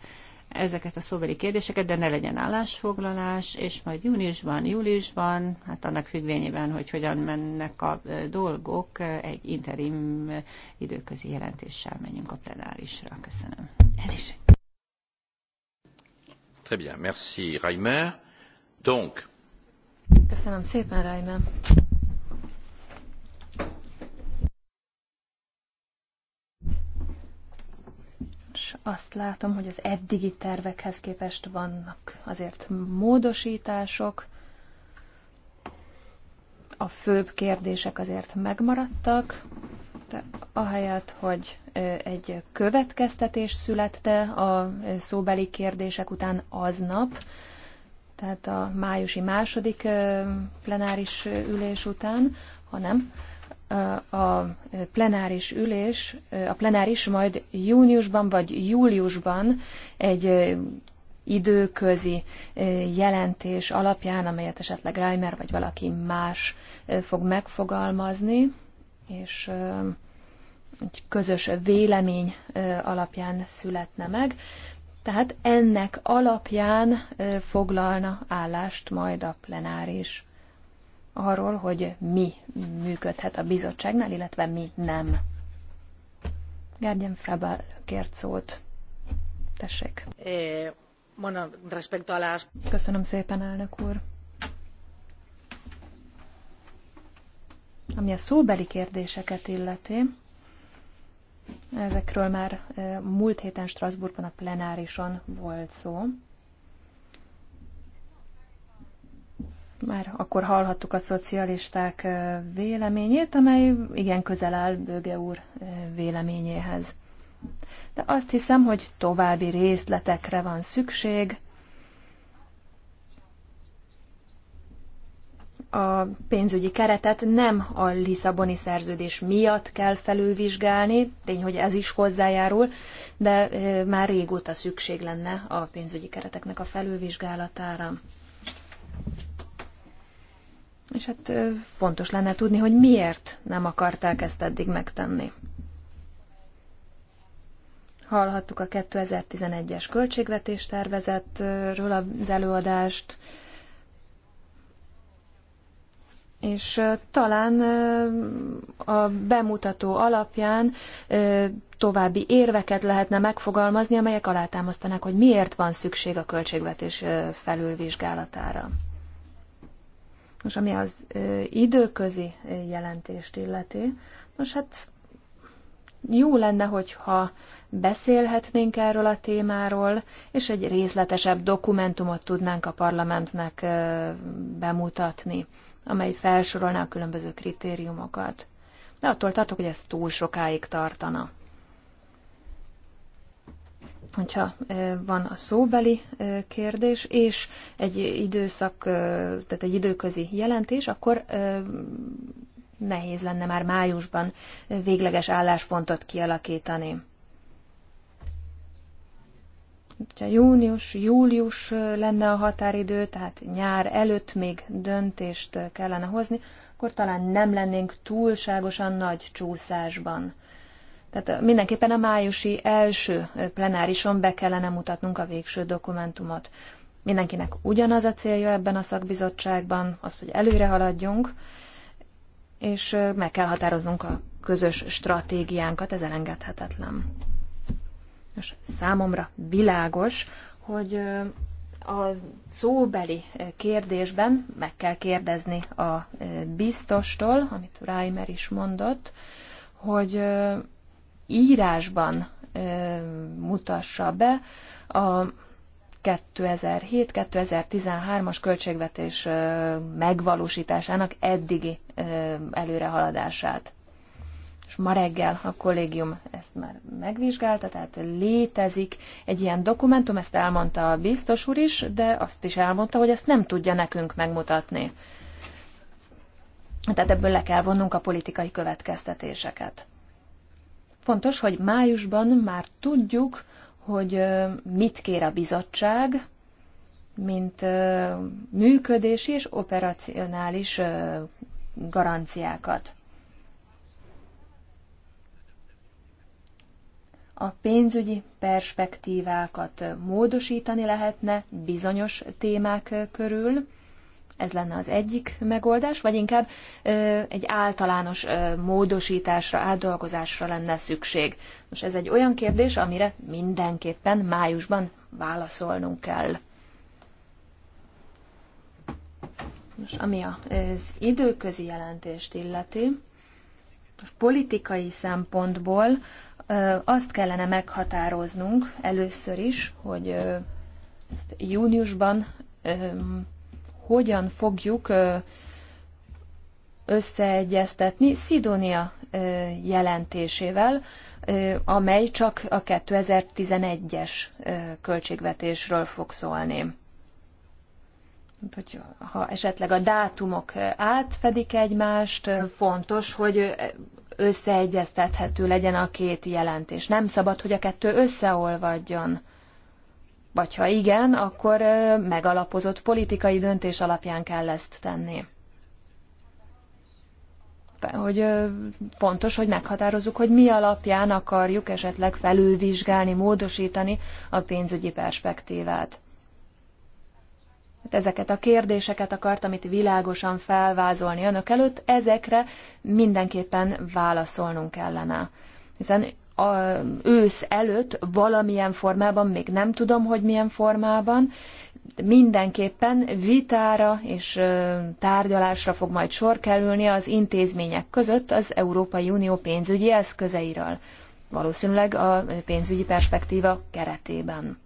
ezeket a szóbeli kérdéseket, de ne legyen állásfoglalás, és majd júniusban, júliusban, hát annak függvényében, hogy hogyan mennek a dolgok, egy interim időközi jelentéssel menjünk a plenárisra. Köszönöm. Ez is. Très bien, merci Reimer. Donc. Köszönöm szépen, Reimer. és azt látom, hogy az eddigi tervekhez képest vannak azért módosítások, a főbb kérdések azért megmaradtak, de ahelyett, hogy egy következtetés születte a szóbeli kérdések után aznap, tehát a májusi második plenáris ülés után, hanem a plenáris ülés, a plenáris majd júniusban vagy júliusban egy időközi jelentés alapján, amelyet esetleg Reimer vagy valaki más fog megfogalmazni, és egy közös vélemény alapján születne meg. Tehát ennek alapján foglalna állást majd a plenáris arról, hogy mi működhet a bizottságnál, illetve mi nem. Gárgyen Fraba kért szót. Tessék. Eh, Köszönöm szépen, elnök úr. Ami a szóbeli kérdéseket illeti, ezekről már eh, múlt héten Strasbourgban a plenárison volt szó. Már akkor hallhattuk a szocialisták véleményét, amely igen közel áll Böge úr véleményéhez. De azt hiszem, hogy további részletekre van szükség, a pénzügyi keretet nem a Lisszaboni szerződés miatt kell felülvizsgálni, tény, hogy ez is hozzájárul, de már régóta szükség lenne a pénzügyi kereteknek a felülvizsgálatára és hát fontos lenne tudni, hogy miért nem akarták ezt eddig megtenni. Hallhattuk a 2011-es költségvetés tervezetről az előadást, és talán a bemutató alapján további érveket lehetne megfogalmazni, amelyek alátámasztanák, hogy miért van szükség a költségvetés felülvizsgálatára. Nos, ami az időközi jelentést illeti, nos hát jó lenne, hogyha beszélhetnénk erről a témáról, és egy részletesebb dokumentumot tudnánk a parlamentnek bemutatni, amely felsorolná a különböző kritériumokat. De attól tartok, hogy ez túl sokáig tartana hogyha van a szóbeli kérdés, és egy időszak, tehát egy időközi jelentés, akkor nehéz lenne már májusban végleges álláspontot kialakítani. Ha június, július lenne a határidő, tehát nyár előtt még döntést kellene hozni, akkor talán nem lennénk túlságosan nagy csúszásban. Tehát mindenképpen a májusi első plenárison be kellene mutatnunk a végső dokumentumot. Mindenkinek ugyanaz a célja ebben a szakbizottságban, az, hogy előre haladjunk, és meg kell határoznunk a közös stratégiánkat, ez elengedhetetlen. És számomra világos, hogy a szóbeli kérdésben meg kell kérdezni a biztostól, amit Reimer is mondott, hogy írásban mutassa be a 2007-2013-as költségvetés megvalósításának eddigi előrehaladását. És ma reggel a kollégium ezt már megvizsgálta, tehát létezik egy ilyen dokumentum, ezt elmondta a biztos úr is, de azt is elmondta, hogy ezt nem tudja nekünk megmutatni. Tehát ebből le kell vonnunk a politikai következtetéseket. Fontos, hogy májusban már tudjuk, hogy mit kér a bizottság, mint működési és operacionális garanciákat. A pénzügyi perspektívákat módosítani lehetne bizonyos témák körül, ez lenne az egyik megoldás, vagy inkább ö, egy általános ö, módosításra, átdolgozásra lenne szükség. Most ez egy olyan kérdés, amire mindenképpen májusban válaszolnunk kell. Most ami az időközi jelentést illeti, most politikai szempontból azt kellene meghatároznunk először is, hogy ezt júniusban hogyan fogjuk összeegyeztetni Szidónia jelentésével, amely csak a 2011-es költségvetésről fog szólni. Hogy ha esetleg a dátumok átfedik egymást, fontos, hogy összeegyeztethető legyen a két jelentés. Nem szabad, hogy a kettő összeolvadjon. Vagy ha igen, akkor megalapozott politikai döntés alapján kell ezt tenni. Hogy fontos, hogy meghatározzuk, hogy mi alapján akarjuk esetleg felülvizsgálni, módosítani a pénzügyi perspektívát. Hát ezeket a kérdéseket akartam itt világosan felvázolni önök előtt, ezekre mindenképpen válaszolnunk kellene. Hiszen a ősz előtt valamilyen formában, még nem tudom, hogy milyen formában, mindenképpen vitára és tárgyalásra fog majd sor kerülni az intézmények között az Európai Unió pénzügyi eszközeiről, valószínűleg a pénzügyi perspektíva keretében.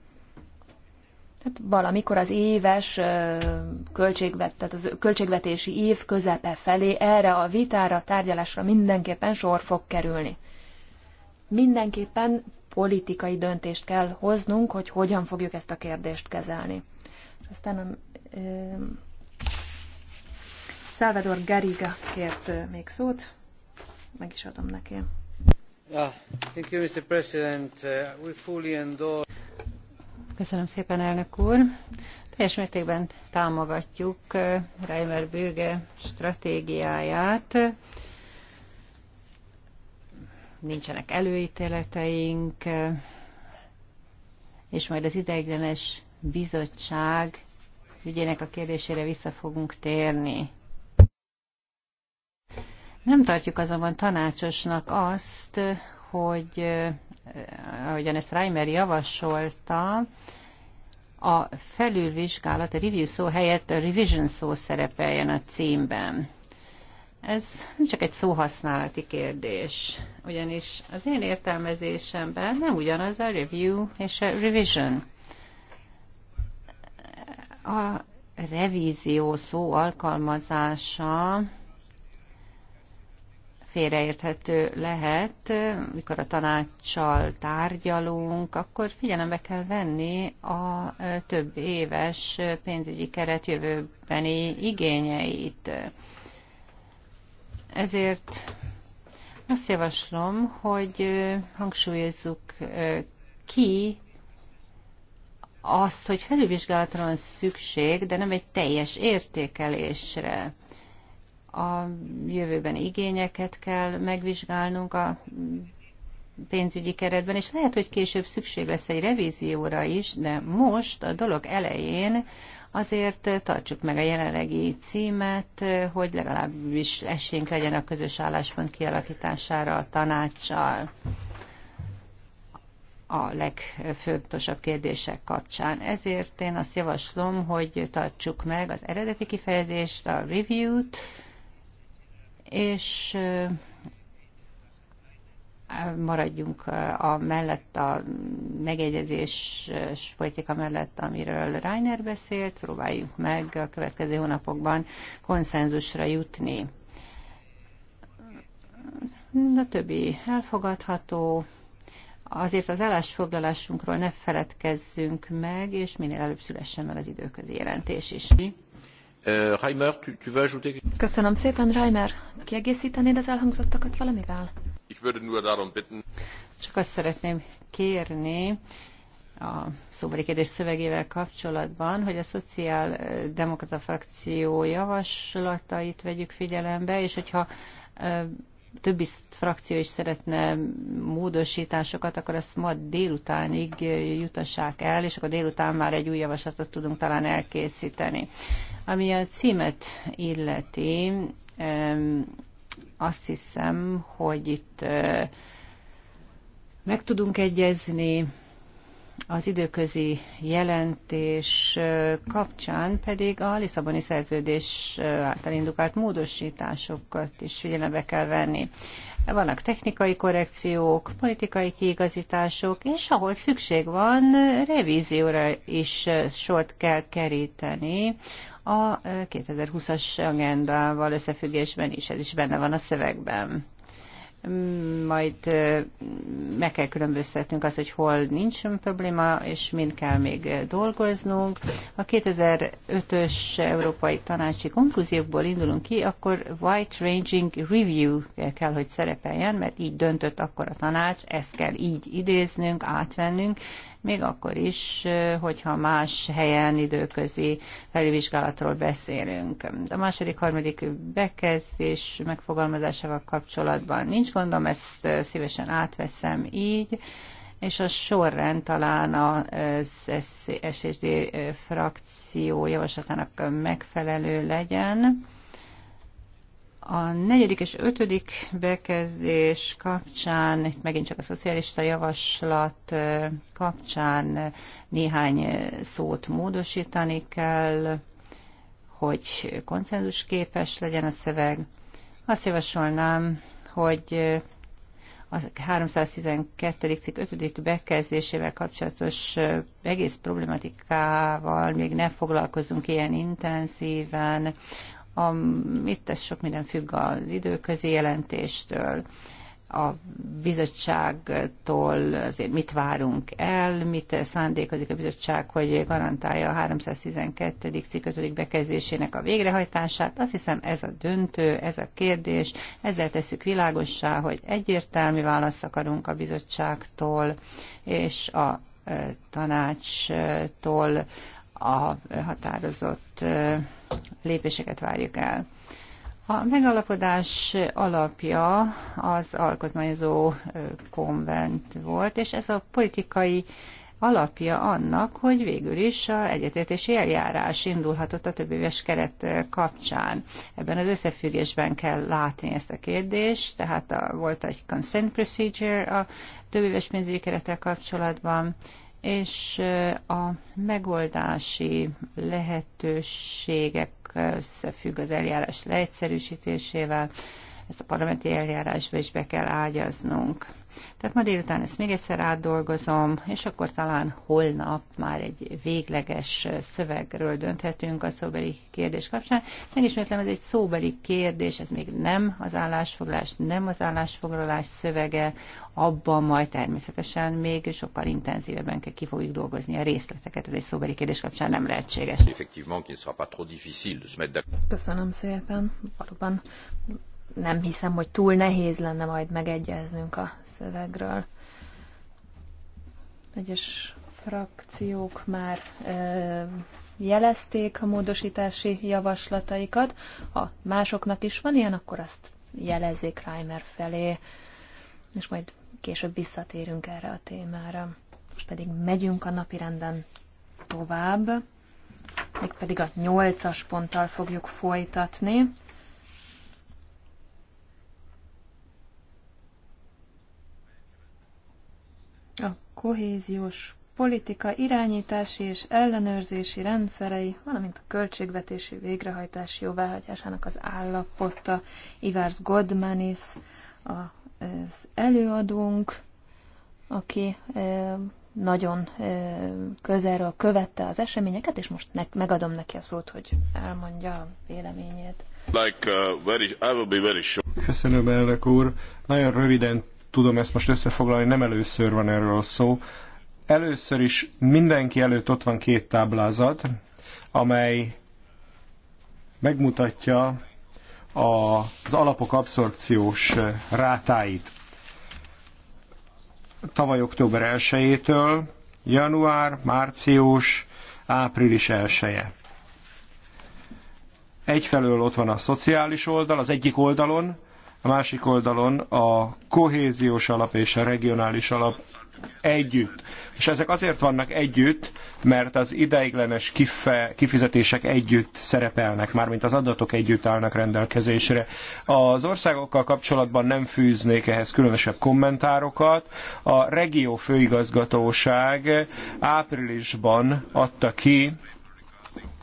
Tehát valamikor az éves költségvet, tehát az költségvetési év közepe felé erre a vitára, tárgyalásra mindenképpen sor fog kerülni mindenképpen politikai döntést kell hoznunk, hogy hogyan fogjuk ezt a kérdést kezelni. És aztán a, ö, Salvador Garriga kért még szót, meg is adom neki. Uh, Köszönöm szépen, elnök úr. Teljes mértékben támogatjuk Reimer Bőge stratégiáját nincsenek előítéleteink, és majd az ideiglenes bizottság ügyének a kérdésére vissza fogunk térni. Nem tartjuk azonban tanácsosnak azt, hogy eh, ahogyan ezt Reimer javasolta, a felülvizsgálat, a review szó helyett a revision szó szerepeljen a címben. Ez nem csak egy szóhasználati kérdés, ugyanis az én értelmezésemben nem ugyanaz a review és a revision. A revízió szó alkalmazása félreérthető lehet, mikor a tanácssal tárgyalunk, akkor figyelembe kell venni a több éves pénzügyi keret jövőbeni igényeit. Ezért azt javaslom, hogy hangsúlyozzuk ki azt, hogy felülvizsgálatra van szükség, de nem egy teljes értékelésre. A jövőben igényeket kell megvizsgálnunk a pénzügyi keretben, és lehet, hogy később szükség lesz egy revízióra is, de most a dolog elején Azért tartsuk meg a jelenlegi címet, hogy legalábbis esélyünk legyen a közös álláspont kialakítására a tanácssal a legfontosabb kérdések kapcsán. Ezért én azt javaslom, hogy tartsuk meg az eredeti kifejezést, a review-t, és maradjunk a mellett, a megegyezés politika mellett, amiről Reiner beszélt, próbáljuk meg a következő hónapokban konszenzusra jutni. A többi elfogadható, azért az állásfoglalásunkról ne feledkezzünk meg, és minél előbb szülessen meg az időközi jelentés is. Euh, Reimer, tu, tu veux ajouter... Köszönöm szépen, Reimer. Kiegészítenéd az elhangzottakat valamivel? Ich würde nur darum bitten. Csak azt szeretném kérni, a szóbeli kérdés szövegével kapcsolatban, hogy a szociáldemokrata frakció javaslatait vegyük figyelembe, és hogyha többi frakció is szeretne módosításokat, akkor ezt ma délutánig jutassák el, és akkor délután már egy új javaslatot tudunk talán elkészíteni. Ami a címet illeti, azt hiszem, hogy itt eh, meg tudunk egyezni, az időközi jelentés kapcsán pedig a Lisszaboni szerződés által indukált módosításokat is figyelembe kell venni. Vannak technikai korrekciók, politikai kiigazítások, és ahol szükség van, revízióra is sort kell keríteni a 2020-as agendával összefüggésben is, ez is benne van a szövegben majd meg kell különböztetnünk az, hogy hol nincs probléma, és mind kell még dolgoznunk. A 2005-ös Európai Tanácsi konklúziókból indulunk ki, akkor White Ranging Review kell, hogy szerepeljen, mert így döntött akkor a tanács, ezt kell így idéznünk, átvennünk, még akkor is, hogyha más helyen időközi felülvizsgálatról beszélünk. A második, harmadik bekezdés megfogalmazásával kapcsolatban nincs gondom, ezt szívesen átveszem így, és a sorrend talán az SSD frakció javaslatának megfelelő legyen a negyedik és ötödik bekezdés kapcsán, itt megint csak a szocialista javaslat kapcsán néhány szót módosítani kell, hogy konszenzusképes legyen a szöveg. Azt javasolnám, hogy a 312. cikk 5. bekezdésével kapcsolatos egész problematikával még ne foglalkozunk ilyen intenzíven. A, itt ez sok minden függ az időközi jelentéstől, a bizottságtól azért mit várunk el, mit szándékozik a bizottság, hogy garantálja a 312. cikk 5. bekezdésének a végrehajtását. Azt hiszem ez a döntő, ez a kérdés. Ezzel tesszük világossá, hogy egyértelmű választ akarunk a bizottságtól, és a e, tanácstól a határozott lépéseket várjuk el. A megalapodás alapja az alkotmányozó konvent volt, és ez a politikai alapja annak, hogy végül is a egyetértési eljárás indulhatott a több éves keret kapcsán. Ebben az összefüggésben kell látni ezt a kérdést, tehát a, volt egy consent procedure a több éves pénzügyi kerettel kapcsolatban, és a megoldási lehetőségek összefügg az eljárás leegyszerűsítésével, ezt a parlamenti eljárásba is be kell ágyaznunk. Tehát ma délután ezt még egyszer átdolgozom, és akkor talán holnap már egy végleges szövegről dönthetünk a szóbeli kérdés kapcsán. Megismétlem, ez egy szóbeli kérdés, ez még nem az állásfoglalás, nem az állásfoglalás szövege, abban majd természetesen még sokkal intenzívebben kell ki fogjuk dolgozni a részleteket, ez egy szóbeli kérdés kapcsán nem lehetséges. Köszönöm szépen, valóban nem hiszem, hogy túl nehéz lenne majd megegyeznünk a szövegről. Egyes frakciók már jelezték a módosítási javaslataikat. Ha másoknak is van ilyen, akkor azt jelezzék Reimer felé, és majd később visszatérünk erre a témára. Most pedig megyünk a napirenden tovább, pedig a nyolcas ponttal fogjuk folytatni. a kohéziós politika irányítási és ellenőrzési rendszerei, valamint a költségvetési végrehajtás jóváhagyásának az állapota. Ivars Godmanis az előadónk, aki nagyon közelről követte az eseményeket, és most ne, megadom neki a szót, hogy elmondja a véleményét. Like, uh, very, I will be very Köszönöm, elnök úr. Nagyon röviden tudom ezt most összefoglalni, nem először van erről szó. Először is mindenki előtt ott van két táblázat, amely megmutatja az alapok abszorpciós rátáit. Tavaly október 1-től január, március, április 1 -e. Egyfelől ott van a szociális oldal, az egyik oldalon, a másik oldalon a kohéziós alap és a regionális alap együtt. És ezek azért vannak együtt, mert az ideiglenes kife, kifizetések együtt szerepelnek, mármint az adatok együtt állnak rendelkezésre. Az országokkal kapcsolatban nem fűznék ehhez különösebb kommentárokat. A regió főigazgatóság áprilisban adta ki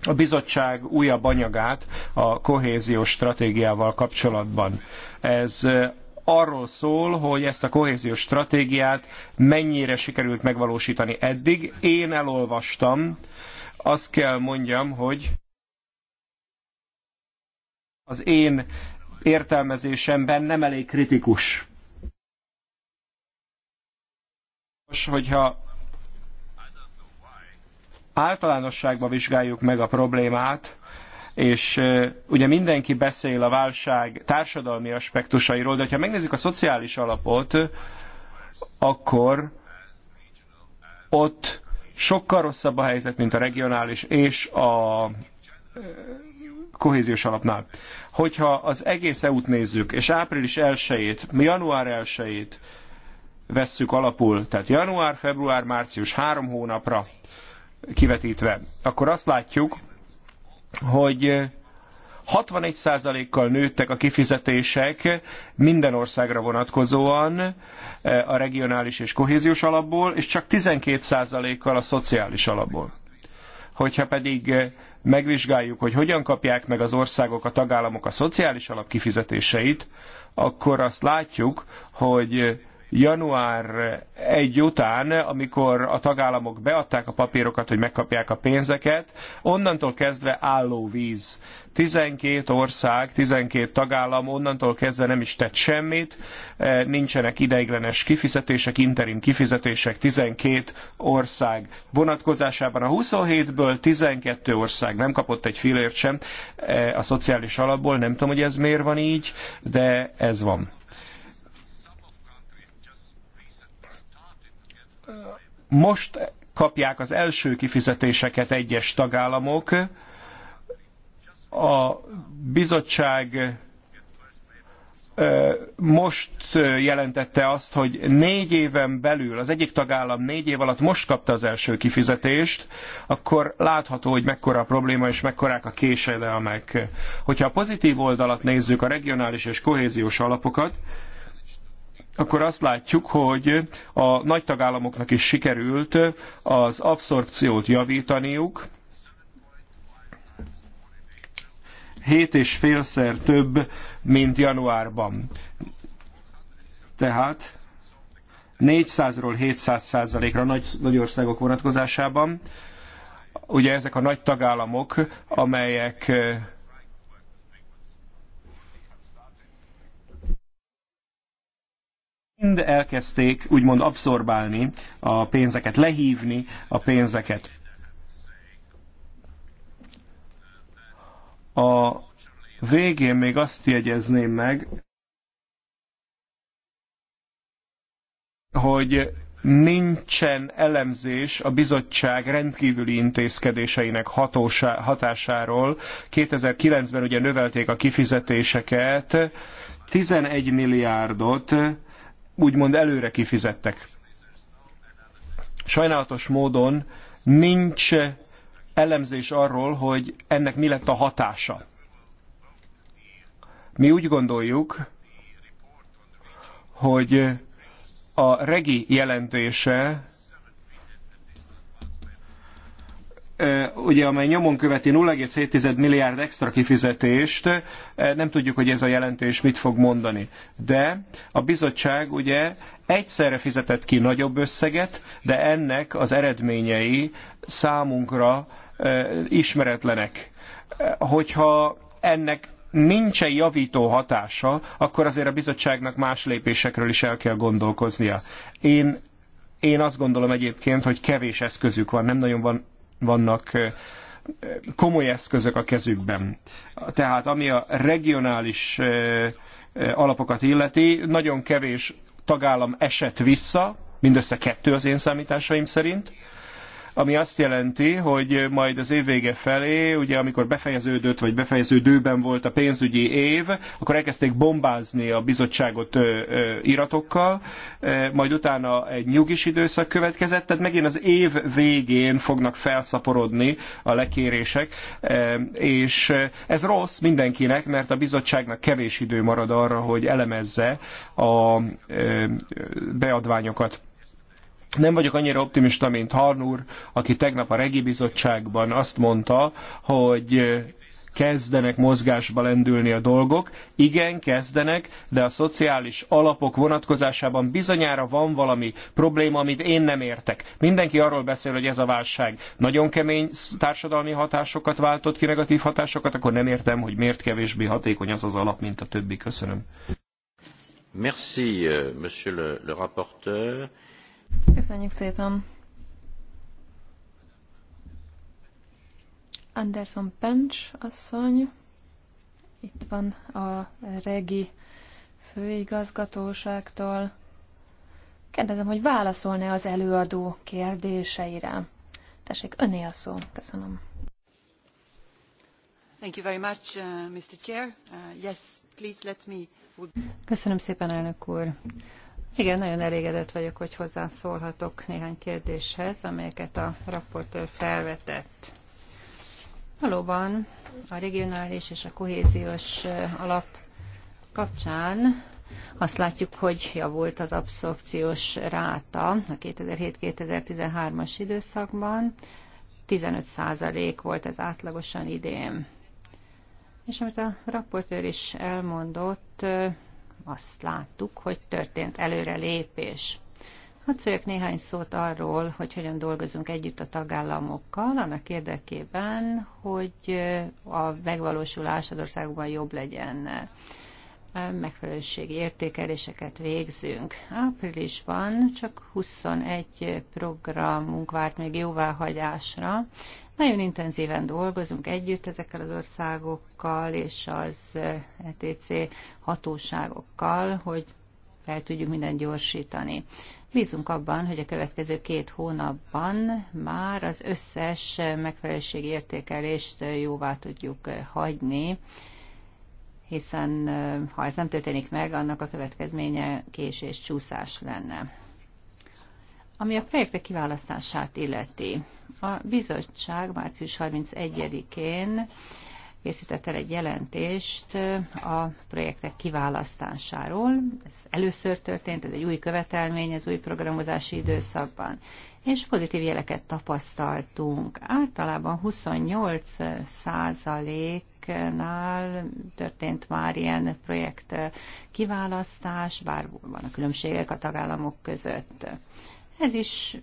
a bizottság újabb anyagát a kohéziós stratégiával kapcsolatban. Ez arról szól, hogy ezt a kohéziós stratégiát mennyire sikerült megvalósítani eddig. Én elolvastam, azt kell mondjam, hogy az én értelmezésemben nem elég kritikus. Most, hogyha általánosságban vizsgáljuk meg a problémát, és ugye mindenki beszél a válság társadalmi aspektusairól, de ha megnézzük a szociális alapot, akkor ott sokkal rosszabb a helyzet, mint a regionális és a kohéziós alapnál. Hogyha az egész EU-t nézzük, és április 1-ét, január 1-ét vesszük alapul, tehát január, február, március három hónapra, kivetítve, akkor azt látjuk, hogy 61%-kal eh, nőttek a kifizetések minden országra vonatkozóan eh, a regionális és kohéziós alapból, és csak 12%-kal a szociális alapból. Hogyha pedig eh, megvizsgáljuk, hogy hogyan kapják meg az országok, a tagállamok a szociális alap kifizetéseit, akkor azt látjuk, hogy január 1 után, amikor a tagállamok beadták a papírokat, hogy megkapják a pénzeket, onnantól kezdve álló víz. 12 ország, 12 tagállam onnantól kezdve nem is tett semmit, e, nincsenek ideiglenes kifizetések, interim kifizetések 12 ország vonatkozásában. A 27-ből 12 ország nem kapott egy filért sem e, a szociális alapból, nem tudom, hogy ez miért van így, de ez van. Most kapják az első kifizetéseket egyes tagállamok. A bizottság most jelentette azt, hogy négy éven belül, az egyik tagállam négy év alatt most kapta az első kifizetést, akkor látható, hogy mekkora a probléma és mekkorák a késedelmek. Hogyha a pozitív oldalat nézzük, a regionális és kohéziós alapokat, akkor azt látjuk, hogy a nagy tagállamoknak is sikerült az abszorpciót javítaniuk, és félszer több, mint januárban. Tehát 400-ról 700 százalékra nagy, nagy országok vonatkozásában. Ugye ezek a nagy tagállamok, amelyek mind elkezdték úgymond abszorbálni a pénzeket, lehívni a pénzeket. A végén még azt jegyezném meg, hogy nincsen elemzés a bizottság rendkívüli intézkedéseinek hatósá, hatásáról. 2009-ben ugye növelték a kifizetéseket, 11 milliárdot úgymond előre kifizettek. Sajnálatos módon nincs elemzés arról, hogy ennek mi lett a hatása. Mi úgy gondoljuk, hogy a regi jelentése ugye, amely nyomon követi 0,7 milliárd extra kifizetést, nem tudjuk, hogy ez a jelentés mit fog mondani. De a bizottság ugye egyszerre fizetett ki nagyobb összeget, de ennek az eredményei számunkra ismeretlenek. Hogyha ennek nincsen javító hatása, akkor azért a bizottságnak más lépésekről is el kell gondolkoznia. Én én azt gondolom egyébként, hogy kevés eszközük van, nem nagyon van vannak komoly eszközök a kezükben. Tehát ami a regionális alapokat illeti, nagyon kevés tagállam esett vissza, mindössze kettő az én számításaim szerint, ami azt jelenti, hogy majd az év vége felé, ugye amikor befejeződött, vagy befejeződőben volt a pénzügyi év, akkor elkezdték bombázni a bizottságot iratokkal, majd utána egy nyugis időszak következett, tehát megint az év végén fognak felszaporodni a lekérések, és ez rossz mindenkinek, mert a bizottságnak kevés idő marad arra, hogy elemezze a beadványokat. Nem vagyok annyira optimista, mint Harn úr, aki tegnap a Regi Bizottságban azt mondta, hogy kezdenek mozgásba lendülni a dolgok. Igen, kezdenek, de a szociális alapok vonatkozásában bizonyára van valami probléma, amit én nem értek. Mindenki arról beszél, hogy ez a válság nagyon kemény társadalmi hatásokat váltott ki, negatív hatásokat, akkor nem értem, hogy miért kevésbé hatékony az az alap, mint a többi. Köszönöm. Merci, euh, monsieur le, le rapporteur. Köszönjük szépen. Anderson Pencs asszony, itt van a regi főigazgatóságtól. Kérdezem, hogy válaszolna az előadó kérdéseire. Tessék, öné a szó. Köszönöm. Thank you very much, uh, Mr. Chair. Uh, yes, please let me... Köszönöm szépen, elnök úr. Igen, nagyon elégedett vagyok, hogy hozzászólhatok néhány kérdéshez, amelyeket a raportőr felvetett. Valóban a regionális és a kohéziós eh, alap kapcsán azt látjuk, hogy javult az abszorpciós ráta a 2007-2013-as időszakban. 15% volt ez átlagosan idén. És amit a raportőr is elmondott, eh, azt láttuk, hogy történt előrelépés. Hadd szóljak néhány szót arról, hogy hogyan dolgozunk együtt a tagállamokkal, annak érdekében, hogy a megvalósulás az országban jobb legyen megfelelőségi értékeléseket végzünk. Áprilisban csak 21 programunk várt még jóváhagyásra. Nagyon intenzíven dolgozunk együtt ezekkel az országokkal és az ETC hatóságokkal, hogy fel tudjuk mindent gyorsítani. Bízunk abban, hogy a következő két hónapban már az összes megfelelőségi értékelést jóvá tudjuk hagyni, hiszen ha ez nem történik meg, annak a következménye késés, csúszás lenne. Ami a projektek kiválasztását illeti, a bizottság március 31-én készített el egy jelentést a projektek kiválasztásáról. Ez először történt, ez egy új követelmény az új programozási időszakban és pozitív jeleket tapasztaltunk. Általában 28 százalék nál történt már ilyen projekt kiválasztás, bár van a különbségek a tagállamok között. Ez is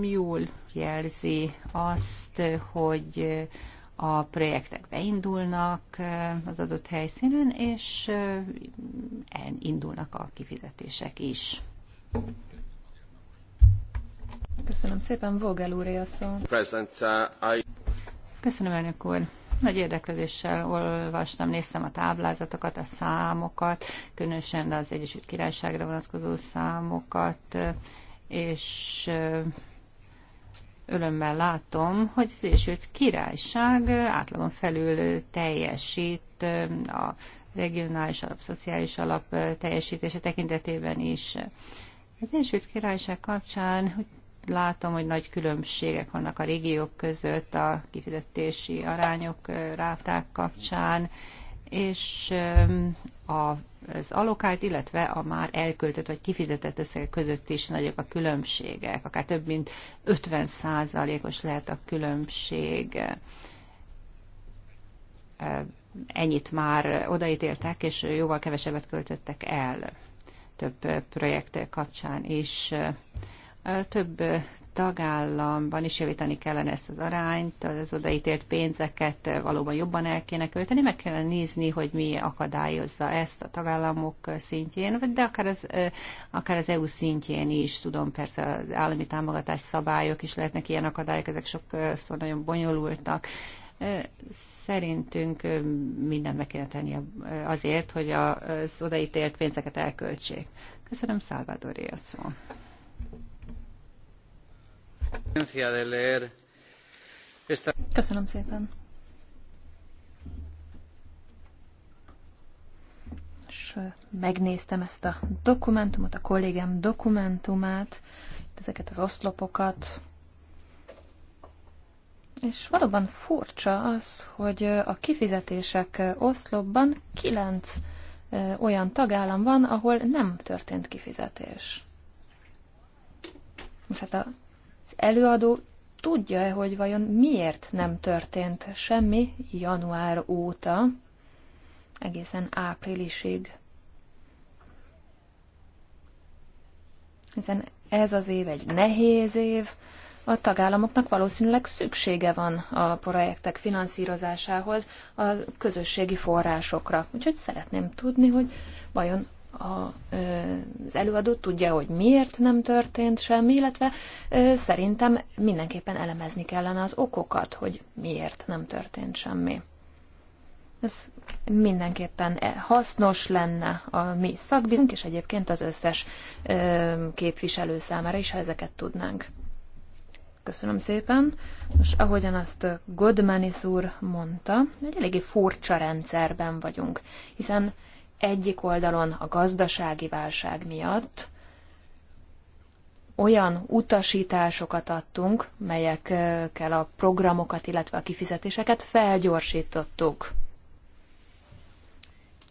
jól jelzi azt, hogy a projektek beindulnak az adott helyszínen, és elindulnak a kifizetések is. Köszönöm szépen, Vogel úr a szó. Köszönöm, elnök úr. Nagy érdeklődéssel olvastam, néztem a táblázatokat, a számokat, különösen az Egyesült Királyságra vonatkozó számokat, és örömmel látom, hogy az Egyesült Királyság átlagon felül teljesít a regionális alap, szociális alap teljesítése tekintetében is. Az Egyesült Királyság kapcsán, hogy látom, hogy nagy különbségek vannak a régiók között a kifizetési arányok ráták kapcsán, és az alokált, illetve a már elköltött vagy kifizetett összeg között is nagyok a különbségek, akár több mint 50 százalékos lehet a különbség. Ennyit már odaítéltek, és jóval kevesebbet költöttek el több projekt kapcsán is. Több tagállamban is javítani kellene ezt az arányt, az odaítélt pénzeket valóban jobban el kéne költeni, meg kellene nézni, hogy mi akadályozza ezt a tagállamok szintjén, de akár az, akár az EU szintjén is, tudom, persze az állami támogatás szabályok is lehetnek ilyen akadályok, ezek sokszor nagyon bonyolultak. Szerintünk mindent meg kéne tenni azért, hogy az odaítélt pénzeket elköltsék. Köszönöm, Szálvádori a szó. Köszönöm szépen. És megnéztem ezt a dokumentumot, a kollégám dokumentumát, ezeket az oszlopokat, és valóban furcsa az, hogy a kifizetések oszlopban kilenc olyan tagállam van, ahol nem történt kifizetés. Most hát a előadó tudja-e, hogy vajon miért nem történt semmi január óta, egészen áprilisig. Hiszen ez az év egy nehéz év, a tagállamoknak valószínűleg szüksége van a projektek finanszírozásához, a közösségi forrásokra. Úgyhogy szeretném tudni, hogy vajon az előadó tudja, hogy miért nem történt semmi, illetve szerintem mindenképpen elemezni kellene az okokat, hogy miért nem történt semmi. Ez mindenképpen eh, hasznos lenne a mi szakbírunk, és egyébként az összes képviselő számára is, ha ezeket tudnánk. Köszönöm szépen. Most ahogyan azt Godmanis úr mondta, egy eléggé furcsa rendszerben vagyunk, hiszen egyik oldalon a gazdasági válság miatt olyan utasításokat adtunk, melyekkel a programokat, illetve a kifizetéseket felgyorsítottuk.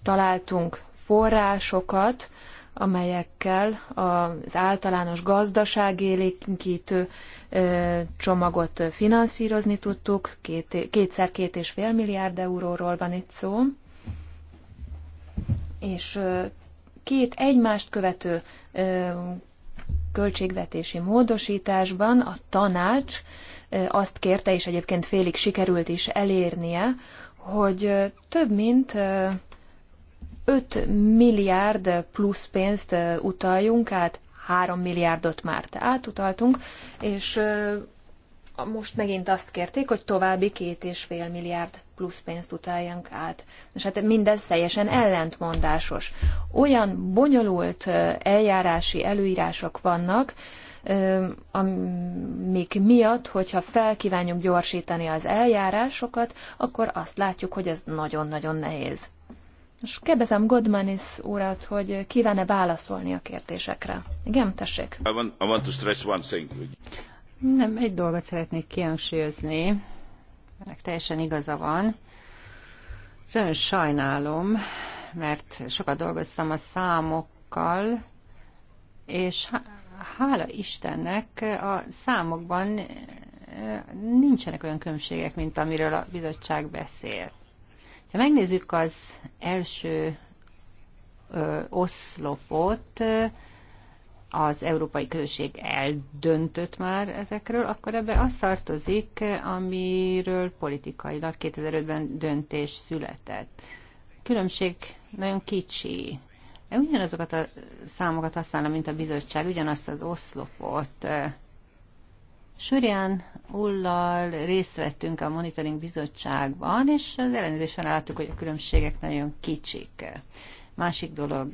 Találtunk forrásokat, amelyekkel az általános gazdaságélénkítő csomagot finanszírozni tudtuk, két, kétszer két és fél milliárd euróról van itt szó, és két egymást követő költségvetési módosításban a tanács azt kérte, és egyébként félig sikerült is elérnie, hogy több mint 5 milliárd plusz pénzt utaljunk át, 3 milliárdot már átutaltunk, és most megint azt kérték, hogy további két és fél milliárd plusz pénzt utáljunk át. És hát mindez teljesen ellentmondásos. Olyan bonyolult eljárási előírások vannak, amik miatt, hogyha felkívánjuk gyorsítani az eljárásokat, akkor azt látjuk, hogy ez nagyon-nagyon nehéz. És kérdezem Godmanis urat, hogy kíván-e válaszolni a kérdésekre. Igen, tessék. I want, I want to stress one thing. Nem, egy dolgot szeretnék kihangsúlyozni. Ennek teljesen igaza van. nagyon sajnálom, mert sokat dolgoztam a számokkal, és hála Istennek a számokban eh, nincsenek olyan különbségek, mint amiről a bizottság beszél. Ha megnézzük az első ö, oszlopot, az európai közösség eldöntött már ezekről, akkor ebbe az tartozik, amiről politikailag 2005-ben döntés született. Különbség nagyon kicsi. Ugyanazokat a számokat használom, mint a bizottság, ugyanazt az oszlopot. Surján Ullal részt vettünk a Monitoring Bizottságban, és az ellenőrzésen láttuk, hogy a különbségek nagyon kicsik. Másik dolog,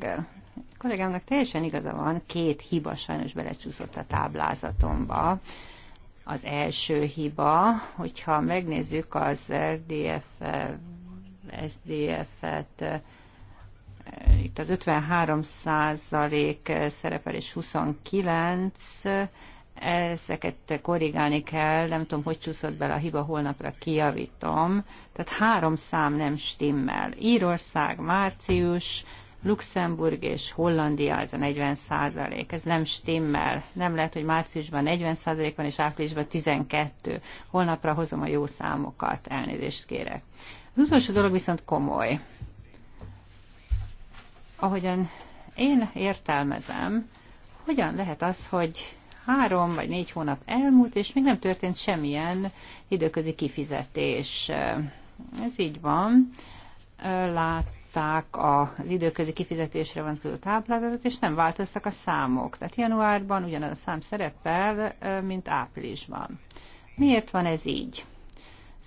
kollégámnak teljesen igaza van, két hiba sajnos belecsúszott a táblázatomba. Az első hiba, hogyha megnézzük az RDF, SDF-et, itt az 53 százalék szerepel, és 29, ezeket korrigálni kell, nem tudom, hogy csúszott bele a hiba, holnapra kijavítom. Tehát három szám nem stimmel. Írország, március, Luxemburg és Hollandia ez a 40 százalék. Ez nem stimmel. Nem lehet, hogy márciusban 40 százalék van, és áprilisban 12. Holnapra hozom a jó számokat. Elnézést kérek. Az utolsó dolog viszont komoly. Ahogyan én értelmezem, hogyan lehet az, hogy három vagy négy hónap elmúlt, és még nem történt semmilyen időközi kifizetés. Ez így van. Lát, megkapták az időközi kifizetésre vonatkozó táblázatot, és nem változtak a számok. Tehát januárban ugyanaz a szám szerepel, mint áprilisban. Miért van ez így?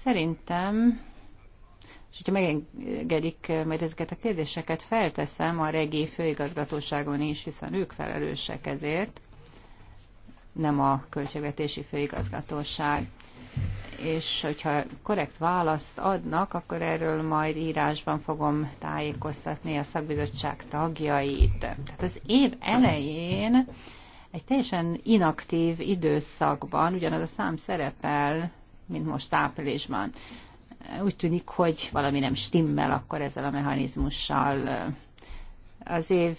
Szerintem, és hogyha megengedik, majd ezeket a kérdéseket felteszem a regi főigazgatóságon is, hiszen ők felelősek ezért, nem a költségvetési főigazgatóság és hogyha korrekt választ adnak, akkor erről majd írásban fogom tájékoztatni a szakbizottság tagjait. Tehát az év elején egy teljesen inaktív időszakban ugyanaz a szám szerepel, mint most áprilisban. Úgy tűnik, hogy valami nem stimmel akkor ezzel a mechanizmussal. Az év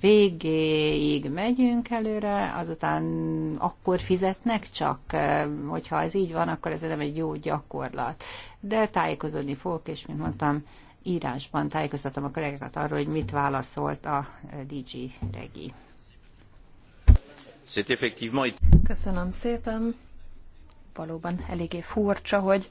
végéig megyünk előre, azután akkor fizetnek csak, hogyha ez így van, akkor ez nem egy jó gyakorlat. De tájékozódni fogok, és mint mondtam, írásban tájékoztatom a kollégákat arról, hogy mit válaszolt a DG Regi. Köszönöm szépen. Valóban eléggé furcsa, hogy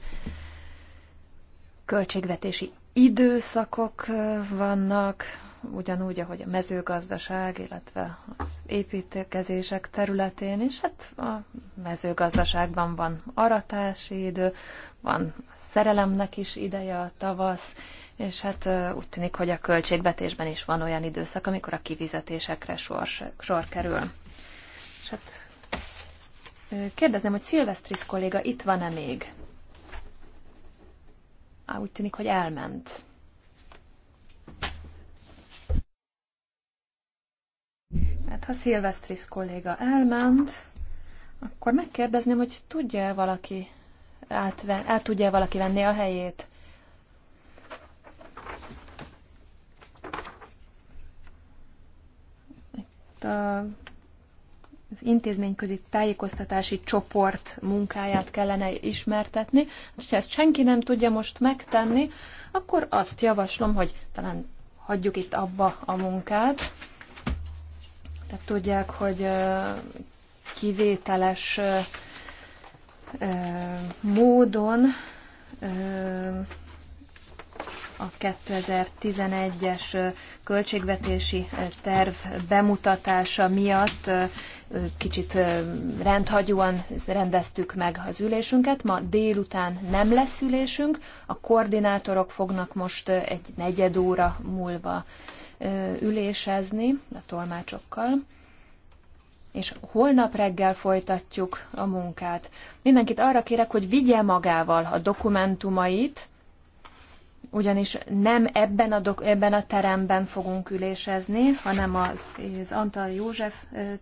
költségvetési időszakok eh, vannak, ugyanúgy, ahogy a mezőgazdaság, illetve az építkezések területén is. Hát a mezőgazdaságban van aratási idő, van szerelemnek is ideje a tavasz, és hát úgy tűnik, hogy a költségvetésben is van olyan időszak, amikor a kivizetésekre sor, sor kerül. És hát kérdezem, hogy Szilvesztris kolléga itt van-e még? Á, úgy tűnik, hogy elment. Hát ha Szilvesztris kolléga elment, akkor megkérdezném, hogy tudja valaki átven, el tudja valaki venni a helyét. Itt a, az intézményközi tájékoztatási csoport munkáját kellene ismertetni. Ha ezt senki nem tudja most megtenni, akkor azt javaslom, hogy talán hagyjuk itt abba a munkát, tehát tudják, hogy kivételes módon a 2011-es költségvetési terv bemutatása miatt kicsit rendhagyóan rendeztük meg az ülésünket. Ma délután nem lesz ülésünk, a koordinátorok fognak most egy negyed óra múlva ülésezni a tolmácsokkal, és holnap reggel folytatjuk a munkát. Mindenkit arra kérek, hogy vigye magával a dokumentumait, ugyanis nem ebben a, dok- ebben a teremben fogunk ülésezni, hanem az, az Antal József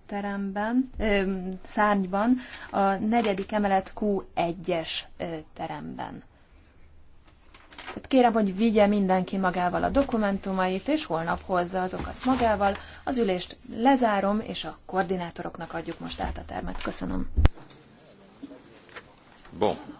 teremben, ö, szárnyban, a negyedik emelet Q1-es teremben. Tehát kérem, hogy vigye mindenki magával a dokumentumait, és holnap hozza azokat magával. Az ülést lezárom, és a koordinátoroknak adjuk most át a termet. Köszönöm. Bon.